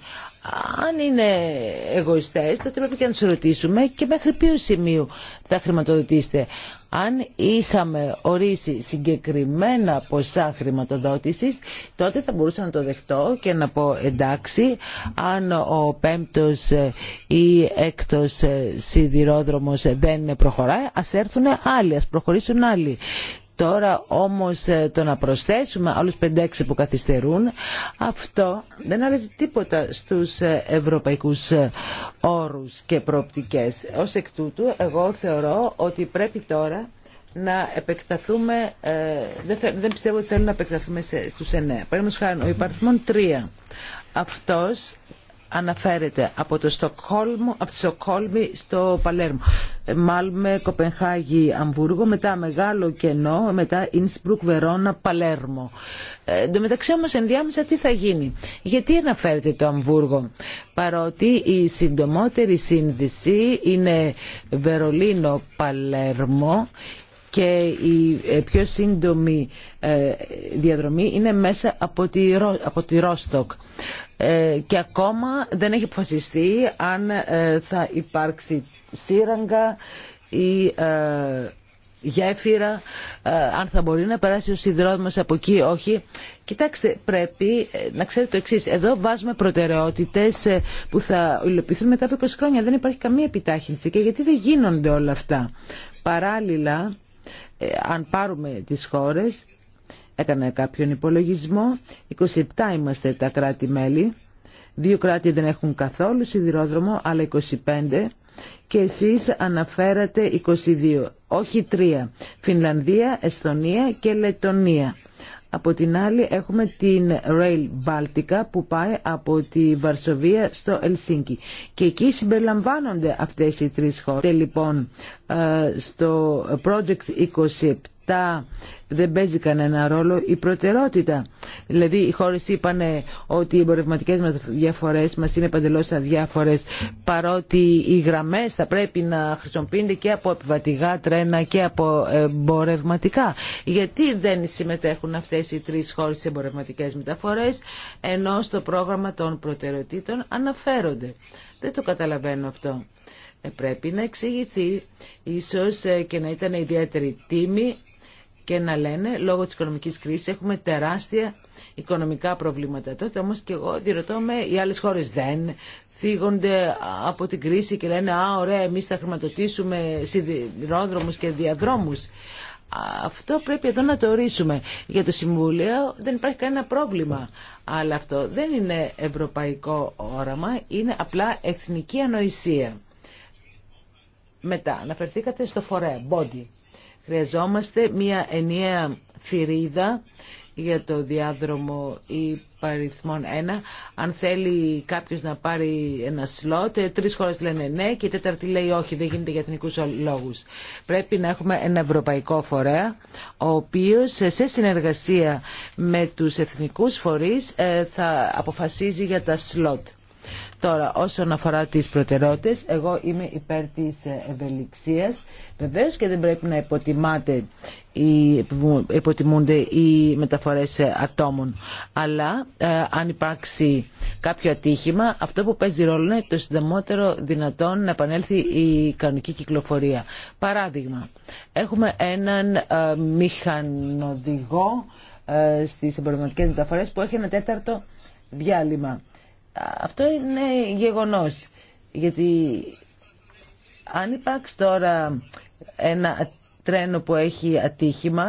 αν είναι εγωιστές, τότε πρέπει και να του ρωτήσουμε και μέχρι ποιο σημείο θα χρηματοδοτήσετε. Αν είχαμε ορίσει συγκεκριμένα ποσά χρηματοδότησης, τότε θα μπορούσα να το δεχτώ και να πω εντάξει, αν ο πέμπτος ή έκτος σιδηρόδρομος δεν προχωράει, ας έρθουν άλλοι, ας προχωρήσουν άλλοι. Τώρα όμως ε, το να προσθέσουμε άλλους 5-6 που καθυστερούν, αυτό δεν αλλάζει τίποτα στους ε, ευρωπαϊκούς ε, όρους και προοπτικές. Ως εκ τούτου, εγώ θεωρώ ότι πρέπει τώρα να επεκταθούμε, δεν, δεν πιστεύω ότι θέλουν να επεκταθούμε σε, στους 9. Παραδείγματος χάρη, ο υπαριθμόν 3. Αυτός αναφέρεται από, το Στοκχόλμο, από τη Στοκχόλμη στο Παλέρμο. Μάλμε, Κοπενχάγη, Αμβούργο, μετά Μεγάλο Κενό, μετά Ινσπρουκ, Βερόνα, Παλέρμο. Ε, εν τω μεταξύ όμως ενδιάμεσα τι θα γίνει. Γιατί αναφέρεται το Αμβούργο. Παρότι η συντομότερη σύνδεση είναι Βερολίνο, Παλέρμο και η ε, πιο σύντομη ε, διαδρομή είναι μέσα από τη, από τη Ρόστοκ. Ε, και ακόμα δεν έχει αποφασιστεί αν ε, θα υπάρξει σύραγγα ή ε, γέφυρα, αν θα μπορεί να περάσει ο σιδηρόδρομος από εκεί, όχι. Κοιτάξτε, πρέπει να ξέρετε το εξή. Εδώ βάζουμε προτεραιότητε που θα υλοποιηθούν μετά από 20 χρόνια. Δεν υπάρχει καμία επιτάχυνση. Και γιατί δεν γίνονται όλα αυτά. Παράλληλα, αν πάρουμε τις χώρες, Έκανα κάποιον υπολογισμό. 27 είμαστε τα κράτη-μέλη. Δύο κράτη δεν έχουν καθόλου σιδηρόδρομο, αλλά 25. Και εσείς αναφέρατε 22, όχι 3. Φινλανδία, Εστονία και Λετονία. Από την άλλη έχουμε την Rail Baltica που πάει από τη Βαρσοβία στο Ελσίνκι. Και εκεί συμπεριλαμβάνονται αυτές οι τρεις χώρες. Λοιπόν, ε, στο Project αυτά δεν παίζει κανένα ρόλο η προτεραιότητα. Δηλαδή οι χώρε είπαν ε, ότι οι εμπορευματικέ μα διαφορέ μας είναι παντελώ αδιάφορε, παρότι οι γραμμέ θα πρέπει να χρησιμοποιούνται και από επιβατηγά τρένα και από εμπορευματικά. Γιατί δεν συμμετέχουν αυτές οι τρεις χώρε σε εμπορευματικές μεταφορές ενώ στο πρόγραμμα των προτεραιοτήτων αναφέρονται. Δεν το καταλαβαίνω αυτό ε, πρέπει να εξηγηθεί ίσως ε, και να ήταν ιδιαίτερη τίμη και να λένε λόγω της οικονομικής κρίσης έχουμε τεράστια οικονομικά προβλήματα. Τότε όμως και εγώ διερωτώ με οι άλλες χώρες δεν θίγονται από την κρίση και λένε «Α, ωραία, εμείς θα χρηματοδοτήσουμε σιδηρόδρομους και διαδρόμους». Αυτό πρέπει εδώ να το ορίσουμε. Για το Συμβούλιο δεν υπάρχει κανένα πρόβλημα. Αλλά αυτό δεν είναι ευρωπαϊκό όραμα, είναι απλά εθνική ανοησία. Μετά, αναφερθήκατε στο φορέα, body. Χρειαζόμαστε μια ενιαία θηρίδα για το διάδρομο υπαριθμών 1. Αν θέλει κάποιος να πάρει ένα σλότ, ε, τρεις χώρες λένε ναι και η τέταρτη λέει όχι, δεν γίνεται για εθνικούς λόγους. Πρέπει να έχουμε ένα ευρωπαϊκό φορέα, ο οποίος ε, σε συνεργασία με τους εθνικούς φορείς ε, θα αποφασίζει για τα σλότ. Τώρα, όσον αφορά τις προτεραιότητε, εγώ είμαι υπέρ τη ευελιξία. βεβαίω και δεν πρέπει να ή υποτιμούνται οι μεταφορές ατόμων. Αλλά ε, αν υπάρξει κάποιο ατύχημα, αυτό που παίζει ρόλο είναι το συντομότερο δυνατόν να επανέλθει η κανονική κυκλοφορία. Παράδειγμα, έχουμε έναν ε, μηχανοδηγό ε, στις εμπορευματικές μεταφορές που έχει ένα τέταρτο διάλειμμα. Αυτό είναι γεγονός. Γιατί αν υπάρξει τώρα ένα τρένο που έχει ατύχημα,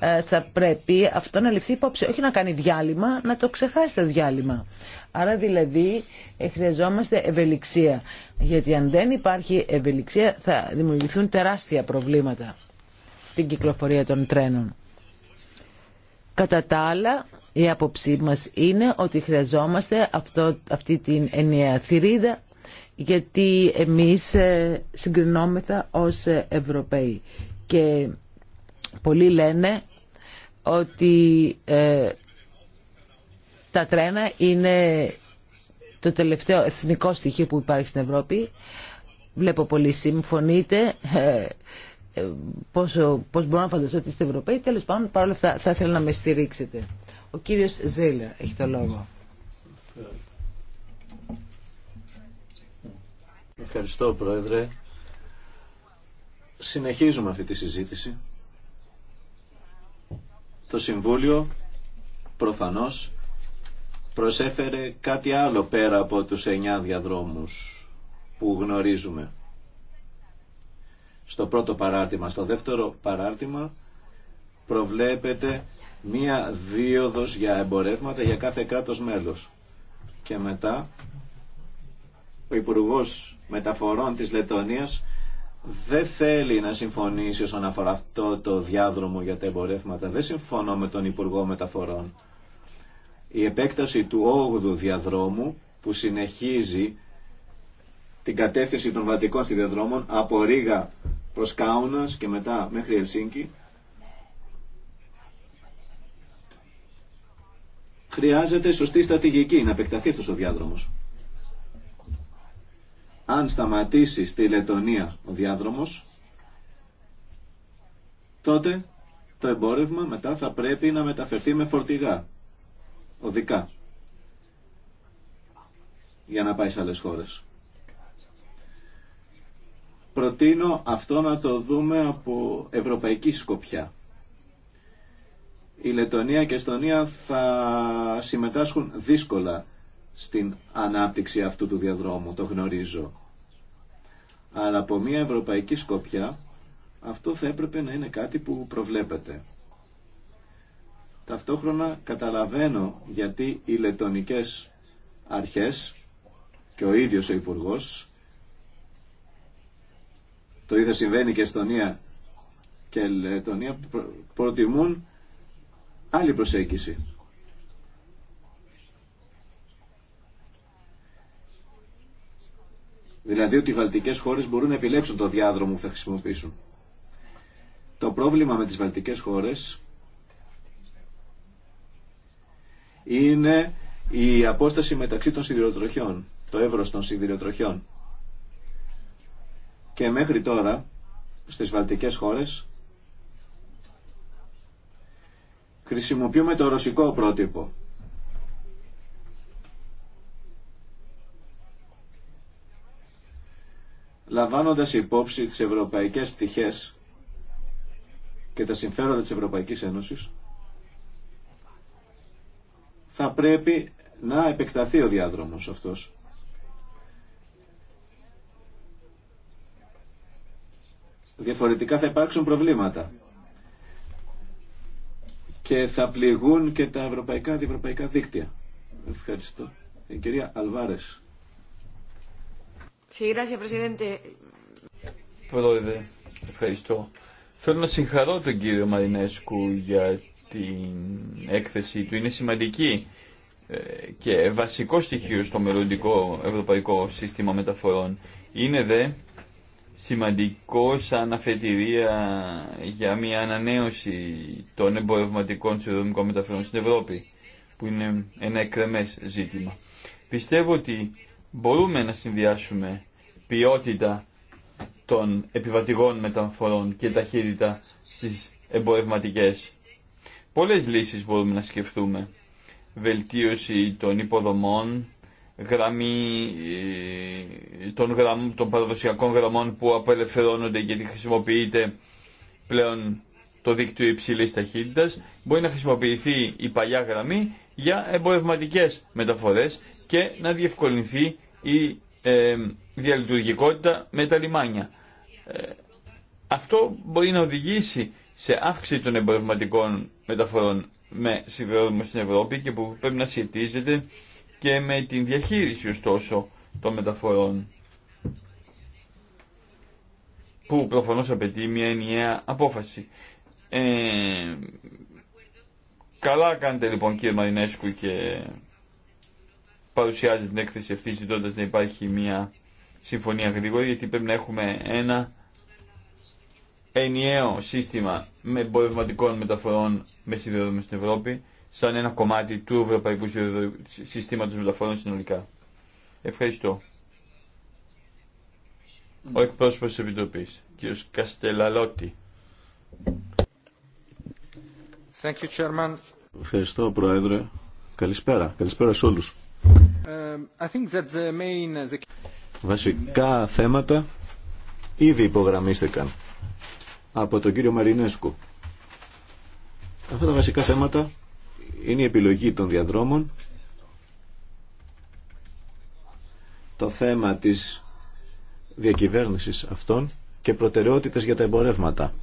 ε, θα πρέπει αυτό να ληφθεί υπόψη. Όχι να κάνει διάλειμμα, να το ξεχάσει το διάλειμμα. Άρα δηλαδή ε, χρειαζόμαστε ευελιξία. Γιατί αν δεν υπάρχει ευελιξία θα δημιουργηθούν τεράστια προβλήματα στην κυκλοφορία των τρένων. Κατά τα άλλα, η άποψή μας είναι ότι χρειαζόμαστε αυτό, αυτή την ενιαία θηρίδα γιατί εμείς ε, συγκρινόμεθα ως Ευρωπαίοι. Και πολλοί λένε ότι ε, τα τρένα είναι το τελευταίο εθνικό στοιχείο που υπάρχει στην Ευρώπη. Βλέπω πολύ συμφωνείτε. Ε, ε, πόσο, πώς μπορώ να φανταστώ ότι είστε Ευρωπαίοι. Τέλος πάντων, παρόλα αυτά θα ήθελα να με στηρίξετε. Ο κύριος Ζέλερ έχει το λόγο. Ευχαριστώ, Πρόεδρε. Συνεχίζουμε αυτή τη συζήτηση. Το Συμβούλιο, προφανώς, προσέφερε κάτι άλλο πέρα από τους εννιά διαδρόμους που γνωρίζουμε στο πρώτο παράρτημα. Στο δεύτερο παράρτημα προβλέπεται μία δίωδος για εμπορεύματα για κάθε κράτος μέλος. Και μετά ο υπουργό Μεταφορών της Λετωνίας δεν θέλει να συμφωνήσει όσον αφορά αυτό το διάδρομο για τα εμπορεύματα. Δεν συμφωνώ με τον Υπουργό Μεταφορών. Η επέκταση του 8 διαδρόμου που συνεχίζει την κατεύθυνση των βατικών σιδηροδρόμων από Ρήγα προς Κάουνας και μετά μέχρι Ελσίνκη. Χρειάζεται σωστή στρατηγική να επεκταθεί αυτός ο διάδρομος. Αν σταματήσει στη Λετωνία ο διάδρομος, τότε το εμπόρευμα μετά θα πρέπει να μεταφερθεί με φορτηγά, οδικά, για να πάει σε άλλες χώρες. Προτείνω αυτό να το δούμε από ευρωπαϊκή σκοπιά. Η Λετωνία και η Εστονία θα συμμετάσχουν δύσκολα στην ανάπτυξη αυτού του διαδρόμου, το γνωρίζω. Αλλά από μια ευρωπαϊκή σκοπιά αυτό θα έπρεπε να είναι κάτι που προβλέπεται. Ταυτόχρονα καταλαβαίνω γιατί οι λετωνικές αρχές και ο ίδιος ο Υπουργός το ίδιο συμβαίνει και Εστονία και Λετωνία προτιμούν άλλη προσέγγιση. Δηλαδή ότι οι βαλτικές χώρες μπορούν να επιλέξουν το διάδρομο που θα χρησιμοποιήσουν. Το πρόβλημα με τις βαλτικές χώρες είναι η απόσταση μεταξύ των σιδηροτροχιών, το εύρος των σιδηροτροχιών. Και μέχρι τώρα στις βαλτικές χώρες χρησιμοποιούμε το ρωσικό πρότυπο. Λαμβάνοντας υπόψη τις ευρωπαϊκές πτυχές και τα συμφέροντα της Ευρωπαϊκής Ένωσης, θα πρέπει να επεκταθεί ο διάδρομος αυτός. Διαφορετικά θα υπάρξουν προβλήματα. Και θα πληγούν και τα ευρωπαϊκά διευρωπαϊκά δίκτυα. Ευχαριστώ. Η κυρία Αλβάρες. Πρόεδρε, ευχαριστώ. Θέλω να συγχαρώ τον κύριο Μαρινέσκου για την έκθεσή του. Είναι σημαντική ε, και βασικό στοιχείο στο μελλοντικό ευρωπαϊκό σύστημα μεταφορών. Είναι δε σημαντικό σαν αφετηρία για μια ανανέωση των εμπορευματικών σειρονομικών μεταφορών στην Ευρώπη, που είναι ένα εκκρεμές ζήτημα. Πιστεύω ότι μπορούμε να συνδυάσουμε ποιότητα των επιβατηγών μεταφορών και ταχύτητα στις εμπορευματικές. Πολλές λύσεις μπορούμε να σκεφτούμε. Βελτίωση των υποδομών, γραμμή ε, των, γραμμ, των παραδοσιακών γραμμών που απελευθερώνονται γιατί χρησιμοποιείται πλέον το δίκτυο υψηλή ταχύτητα, μπορεί να χρησιμοποιηθεί η παλιά γραμμή για εμπορευματικέ μεταφορές και να διευκολυνθεί η ε, διαλειτουργικότητα με τα λιμάνια. Ε, αυτό μπορεί να οδηγήσει σε αύξηση των εμπορευματικών μεταφορών με σιδηρόδρομο στην Ευρώπη και που πρέπει να σχετίζεται και με την διαχείριση ωστόσο των μεταφορών που προφανώς απαιτεί μια ενιαία απόφαση. Ε, καλά κάνετε λοιπόν κύριε Μαρινέσκου και παρουσιάζετε την έκθεση αυτή ζητώντας να υπάρχει μια συμφωνία γρήγορη γιατί πρέπει να έχουμε ένα ενιαίο σύστημα με εμπορευματικών μεταφορών με μες στην Ευρώπη σαν ένα κομμάτι του Ευρωπαϊκού Συστήματος Μεταφορών συνολικά. Ευχαριστώ. Ο εκπρόσωπος της Επιτροπής, κ. Καστελαλότη. Ευχαριστώ, Πρόεδρε. Καλησπέρα. Καλησπέρα σε όλους. Um, uh, βασικά θέματα ήδη υπογραμμίστηκαν από τον κύριο Μαρινέσκου. Αυτά τα βασικά θέματα είναι η επιλογή των διαδρόμων, το θέμα της διακυβέρνησης αυτών και προτεραιότητες για τα εμπορεύματα.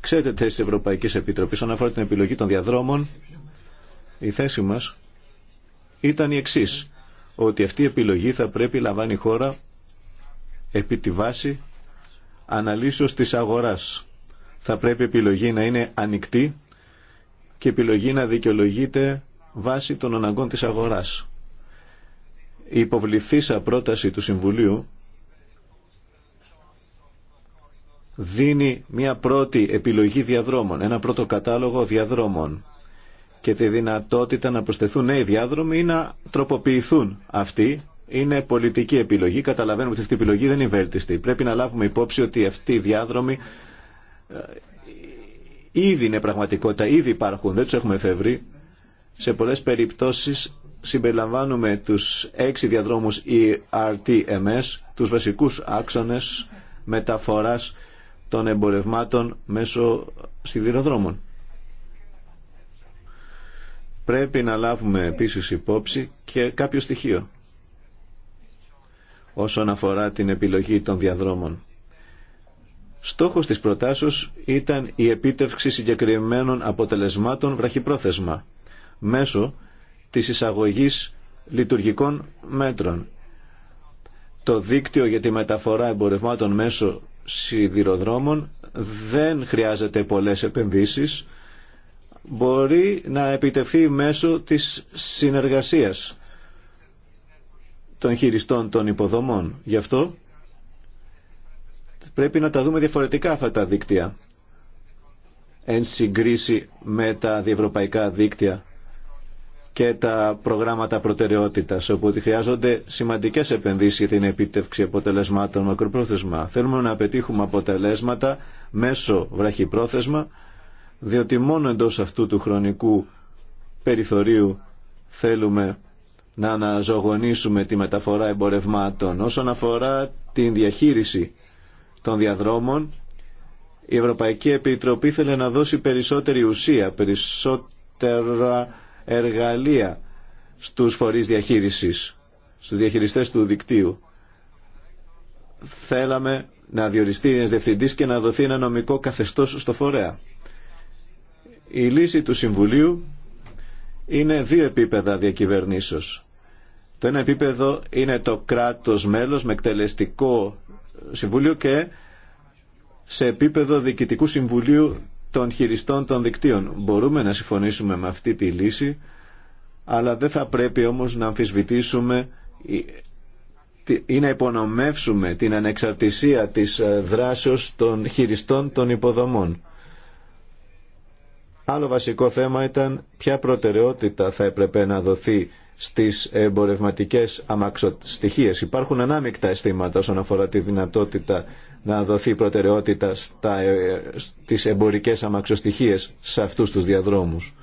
Ξέρετε θέση της Ευρωπαϊκής Επιτροπής όσον αφορά την επιλογή των διαδρόμων, η θέση μας ήταν η εξής, ότι αυτή η επιλογή θα πρέπει λαμβάνει η χώρα επί τη βάση αναλύσεως της αγοράς. Θα πρέπει η επιλογή να είναι ανοιχτή και επιλογή να δικαιολογείται βάσει των αναγκών της αγοράς. Η υποβληθήσα πρόταση του Συμβουλίου δίνει μια πρώτη επιλογή διαδρόμων, ένα πρώτο κατάλογο διαδρόμων και τη δυνατότητα να προσθεθούν νέοι διάδρομοι ή να τροποποιηθούν αυτοί είναι πολιτική επιλογή. Καταλαβαίνουμε ότι αυτή η επιλογή δεν είναι βέλτιστη. Πρέπει να λάβουμε υπόψη ότι αυτοί οι διάδρομοι ήδη είναι πραγματικότητα, ήδη υπάρχουν, δεν του έχουμε εφεύρει. Σε πολλές περιπτώσεις συμπεριλαμβάνουμε τους έξι διαδρόμους ERTMS, τους βασικούς άξονες μεταφοράς των εμπορευμάτων μέσω σιδηροδρόμων. Πρέπει να λάβουμε επίσης υπόψη και κάποιο στοιχείο όσον αφορά την επιλογή των διαδρόμων. Στόχος της προτάσεως ήταν η επίτευξη συγκεκριμένων αποτελεσμάτων βραχυπρόθεσμα μέσω της εισαγωγής λειτουργικών μέτρων. Το δίκτυο για τη μεταφορά εμπορευμάτων μέσω σιδηροδρόμων δεν χρειάζεται πολλές επενδύσεις. Μπορεί να επιτευχθεί μέσω της συνεργασίας των χειριστών των υποδομών. Γι' αυτό πρέπει να τα δούμε διαφορετικά αυτά τα δίκτυα εν συγκρίση με τα διευρωπαϊκά δίκτυα και τα προγράμματα προτεραιότητας, όπου χρειάζονται σημαντικές επενδύσεις για την επίτευξη αποτελεσμάτων μακροπρόθεσμα. Θέλουμε να πετύχουμε αποτελέσματα μέσω βραχυπρόθεσμα, διότι μόνο εντός αυτού του χρονικού περιθωρίου θέλουμε να αναζωογονήσουμε τη μεταφορά εμπορευμάτων. Όσον αφορά την διαχείριση των διαδρόμων η Ευρωπαϊκή Επιτροπή θέλει να δώσει περισσότερη ουσία, περισσότερα εργαλεία στους φορείς διαχείρισης, στους διαχειριστές του δικτύου. Θέλαμε να διοριστεί ένας διευθυντής και να δοθεί ένα νομικό καθεστώς στο φορέα. Η λύση του Συμβουλίου είναι δύο επίπεδα διακυβερνήσεως. Το ένα επίπεδο είναι το κράτος μέλος με εκτελεστικό Συμβούλιο και σε επίπεδο Διοικητικού Συμβουλίου των χειριστών των δικτύων. Μπορούμε να συμφωνήσουμε με αυτή τη λύση, αλλά δεν θα πρέπει όμως να αμφισβητήσουμε ή να υπονομεύσουμε την ανεξαρτησία της ε, δράσεως των χειριστών των υποδομών. Άλλο βασικό θέμα ήταν ποια προτεραιότητα θα έπρεπε να δοθεί στις εμπορευματικές αμαξοστοιχίες. Υπάρχουν ανάμεικτα αισθήματα όσον αφορά τη δυνατότητα να δοθεί προτεραιότητα στι ε, στις εμπορικές αμαξοστοιχίες σε αυτούς τους διαδρόμους.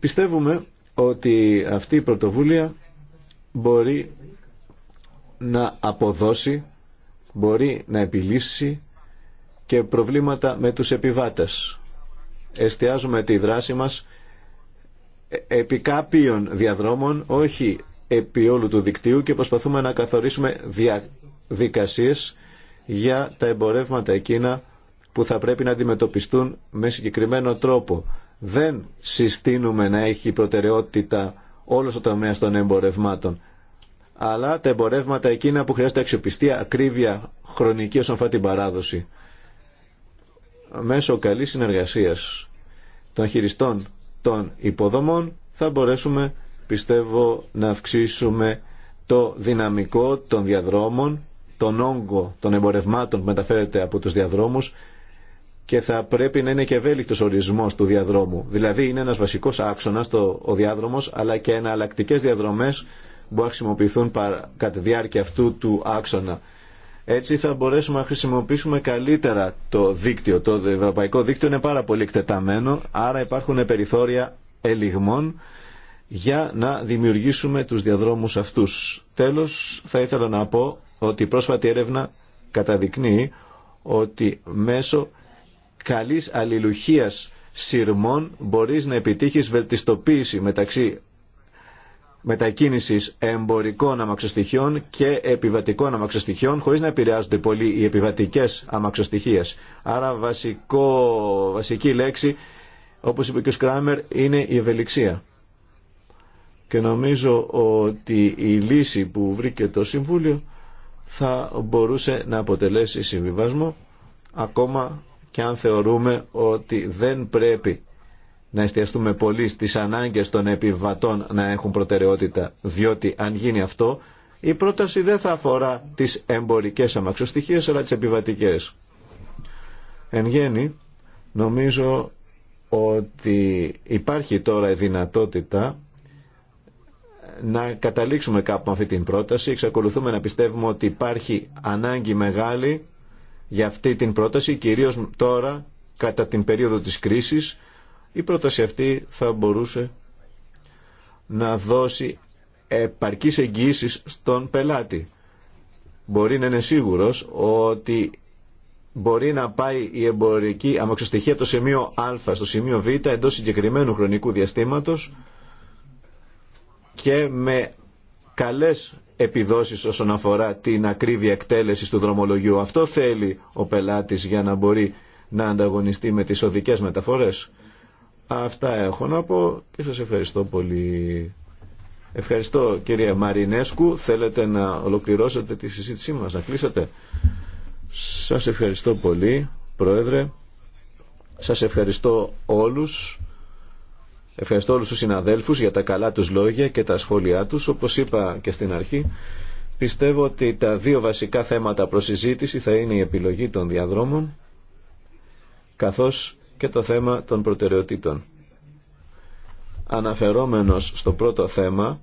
Πιστεύουμε ότι αυτή η πρωτοβούλια μπορεί να αποδώσει, μπορεί να επιλύσει και προβλήματα με τους επιβάτες. Εστιάζουμε τη δράση μας ε, επί κάποιων διαδρόμων, όχι επί όλου του δικτύου και προσπαθούμε να καθορίσουμε διαδικασίες για τα εμπορεύματα εκείνα που θα πρέπει να αντιμετωπιστούν με συγκεκριμένο τρόπο. Δεν συστήνουμε να έχει προτεραιότητα όλο ο τομέα των εμπορευμάτων αλλά τα εμπορεύματα εκείνα που χρειάζεται αξιοπιστία, ακρίβεια, χρονική όσον αφορά την παράδοση. Μέσω καλή συνεργασία των χειριστών των υποδομών θα μπορέσουμε πιστεύω να αυξήσουμε το δυναμικό των διαδρόμων, τον όγκο των εμπορευμάτων που μεταφέρεται από τους διαδρόμους και θα πρέπει να είναι και ευέλικτος ορισμός του διαδρόμου. Δηλαδή είναι ένας βασικός άξονας το, ο διάδρομος αλλά και εναλλακτικέ διαδρομές που θα χρησιμοποιηθούν κατά τη διάρκεια αυτού του άξονα. Έτσι θα μπορέσουμε να χρησιμοποιήσουμε καλύτερα το δίκτυο. Το ευρωπαϊκό δίκτυο είναι πάρα πολύ εκτεταμένο, άρα υπάρχουν περιθώρια ελιγμών για να δημιουργήσουμε τους διαδρόμους αυτούς. Τέλος, θα ήθελα να πω ότι η πρόσφατη έρευνα καταδεικνύει ότι μέσω καλής αλληλουχίας σειρμών μπορείς να επιτύχεις βελτιστοποίηση μεταξύ Μετακίνηση εμπορικών αμαξοστοιχειών και επιβατικών αμαξοστοιχειών χωρίς να επηρεάζονται πολύ οι επιβατικές αμαξοστοιχίες. Άρα βασικό, βασική λέξη, όπως είπε και ο Σκράμερ, είναι η ευελιξία. Και νομίζω ότι η λύση που βρήκε το Συμβούλιο θα μπορούσε να αποτελέσει συμβιβασμό ακόμα και αν θεωρούμε ότι δεν πρέπει να εστιαστούμε πολύ στις ανάγκες των επιβατών να έχουν προτεραιότητα, διότι αν γίνει αυτό, η πρόταση δεν θα αφορά τις εμπορικές αμαξοστοιχίες, αλλά τις επιβατικές. Εν γέννη, νομίζω ότι υπάρχει τώρα η δυνατότητα να καταλήξουμε κάπου με αυτή την πρόταση. Εξακολουθούμε να πιστεύουμε ότι υπάρχει ανάγκη μεγάλη για αυτή την πρόταση, κυρίως τώρα κατά την περίοδο της κρίσης η πρόταση αυτή θα μπορούσε να δώσει επαρκείς εγγύησεις στον πελάτη. Μπορεί να είναι σίγουρος ότι μπορεί να πάει η εμπορική αμαξοστοιχεία το σημείο Α στο σημείο Β εντός συγκεκριμένου χρονικού διαστήματος και με καλές επιδόσεις όσον αφορά την ακρίβεια εκτέλεση του δρομολογιού. Αυτό θέλει ο πελάτης για να μπορεί να ανταγωνιστεί με τις οδικές μεταφορές. Αυτά έχω να πω και σας ευχαριστώ πολύ. Ευχαριστώ κυρία Μαρινέσκου. Θέλετε να ολοκληρώσετε τη συζήτησή μας, να κλείσετε. Σας ευχαριστώ πολύ, Πρόεδρε. Σας ευχαριστώ όλους. Ευχαριστώ όλους τους συναδέλφους για τα καλά τους λόγια και τα σχόλιά τους. Όπως είπα και στην αρχή, πιστεύω ότι τα δύο βασικά θέματα προς συζήτηση θα είναι η επιλογή των διαδρόμων καθώς και το θέμα των προτεραιοτήτων. Αναφερόμενος στο πρώτο θέμα,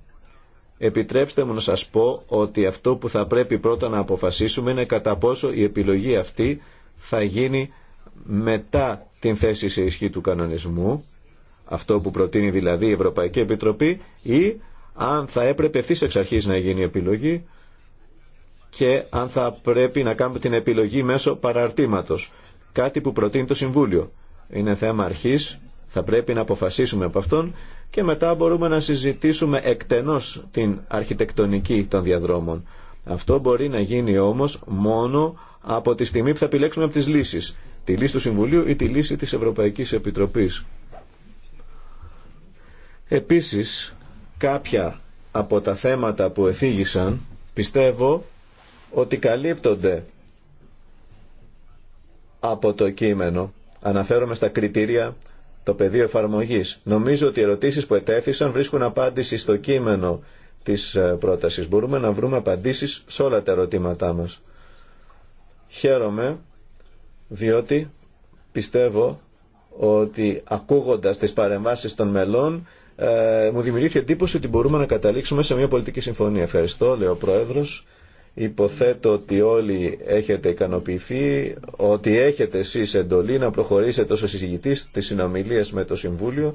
επιτρέψτε μου να σας πω ότι αυτό που θα πρέπει πρώτα να αποφασίσουμε είναι κατά πόσο η επιλογή αυτή θα γίνει μετά την θέση σε ισχύ του κανονισμού, αυτό που προτείνει δηλαδή η Ευρωπαϊκή Επιτροπή, ή αν θα έπρεπε ευθύ εξ αρχής να γίνει η επιλογή και αν θα πρέπει να κάνουμε την επιλογή μέσω παραρτήματος, κάτι που προτείνει το Συμβούλιο. Είναι θέμα αρχής, θα πρέπει να αποφασίσουμε από αυτόν και μετά μπορούμε να συζητήσουμε εκτενώς την αρχιτεκτονική των διαδρόμων. Αυτό μπορεί να γίνει όμως μόνο από τη στιγμή που θα επιλέξουμε από τις λύσεις. Τη λύση του Συμβουλίου ή τη λύση της Ευρωπαϊκής Επιτροπής. Επίσης, κάποια από τα θέματα που εθίγησαν πιστεύω ότι καλύπτονται από το κείμενο Αναφέρομαι στα κριτήρια το πεδίο εφαρμογή. Νομίζω ότι οι ερωτήσεις που ετέθησαν βρίσκουν απάντηση στο κείμενο της ε, πρότασης. Μπορούμε να βρούμε απαντήσεις σε όλα τα ερωτήματά μας. Χαίρομαι διότι πιστεύω ότι ακούγοντας τις παρεμβάσεις των μελών ε, μου δημιουργήθηκε εντύπωση ότι μπορούμε να καταλήξουμε σε μια πολιτική συμφωνία. Ευχαριστώ, λέει ο Πρόεδρος. Υποθέτω ότι όλοι έχετε ικανοποιηθεί, ότι έχετε εσείς εντολή να προχωρήσετε ως συζητητής τις συνομιλίες με το Συμβούλιο,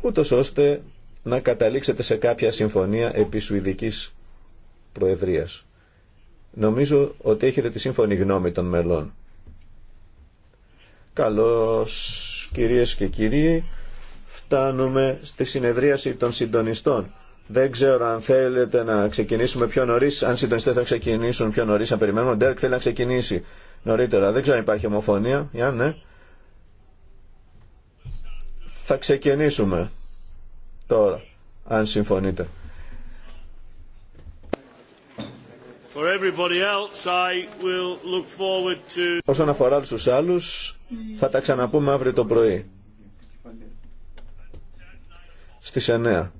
ούτω ώστε να καταλήξετε σε κάποια συμφωνία επί Σουηδικής Προεδρίας. Νομίζω ότι έχετε τη σύμφωνη γνώμη των μελών. Καλώς κυρίες και κύριοι, φτάνουμε στη συνεδρίαση των συντονιστών. Δεν ξέρω αν θέλετε να ξεκινήσουμε πιο νωρί. Αν συντονιστέ θα ξεκινήσουν πιο νωρί, αν περιμένουμε. Ο Ντέρκ θέλει να ξεκινήσει νωρίτερα. Δεν ξέρω αν υπάρχει ομοφωνία. Για ναι. Θα ξεκινήσουμε τώρα, αν συμφωνείτε. Όσον αφορά τους άλλους, θα τα ξαναπούμε αύριο το πρωί. Στις 9.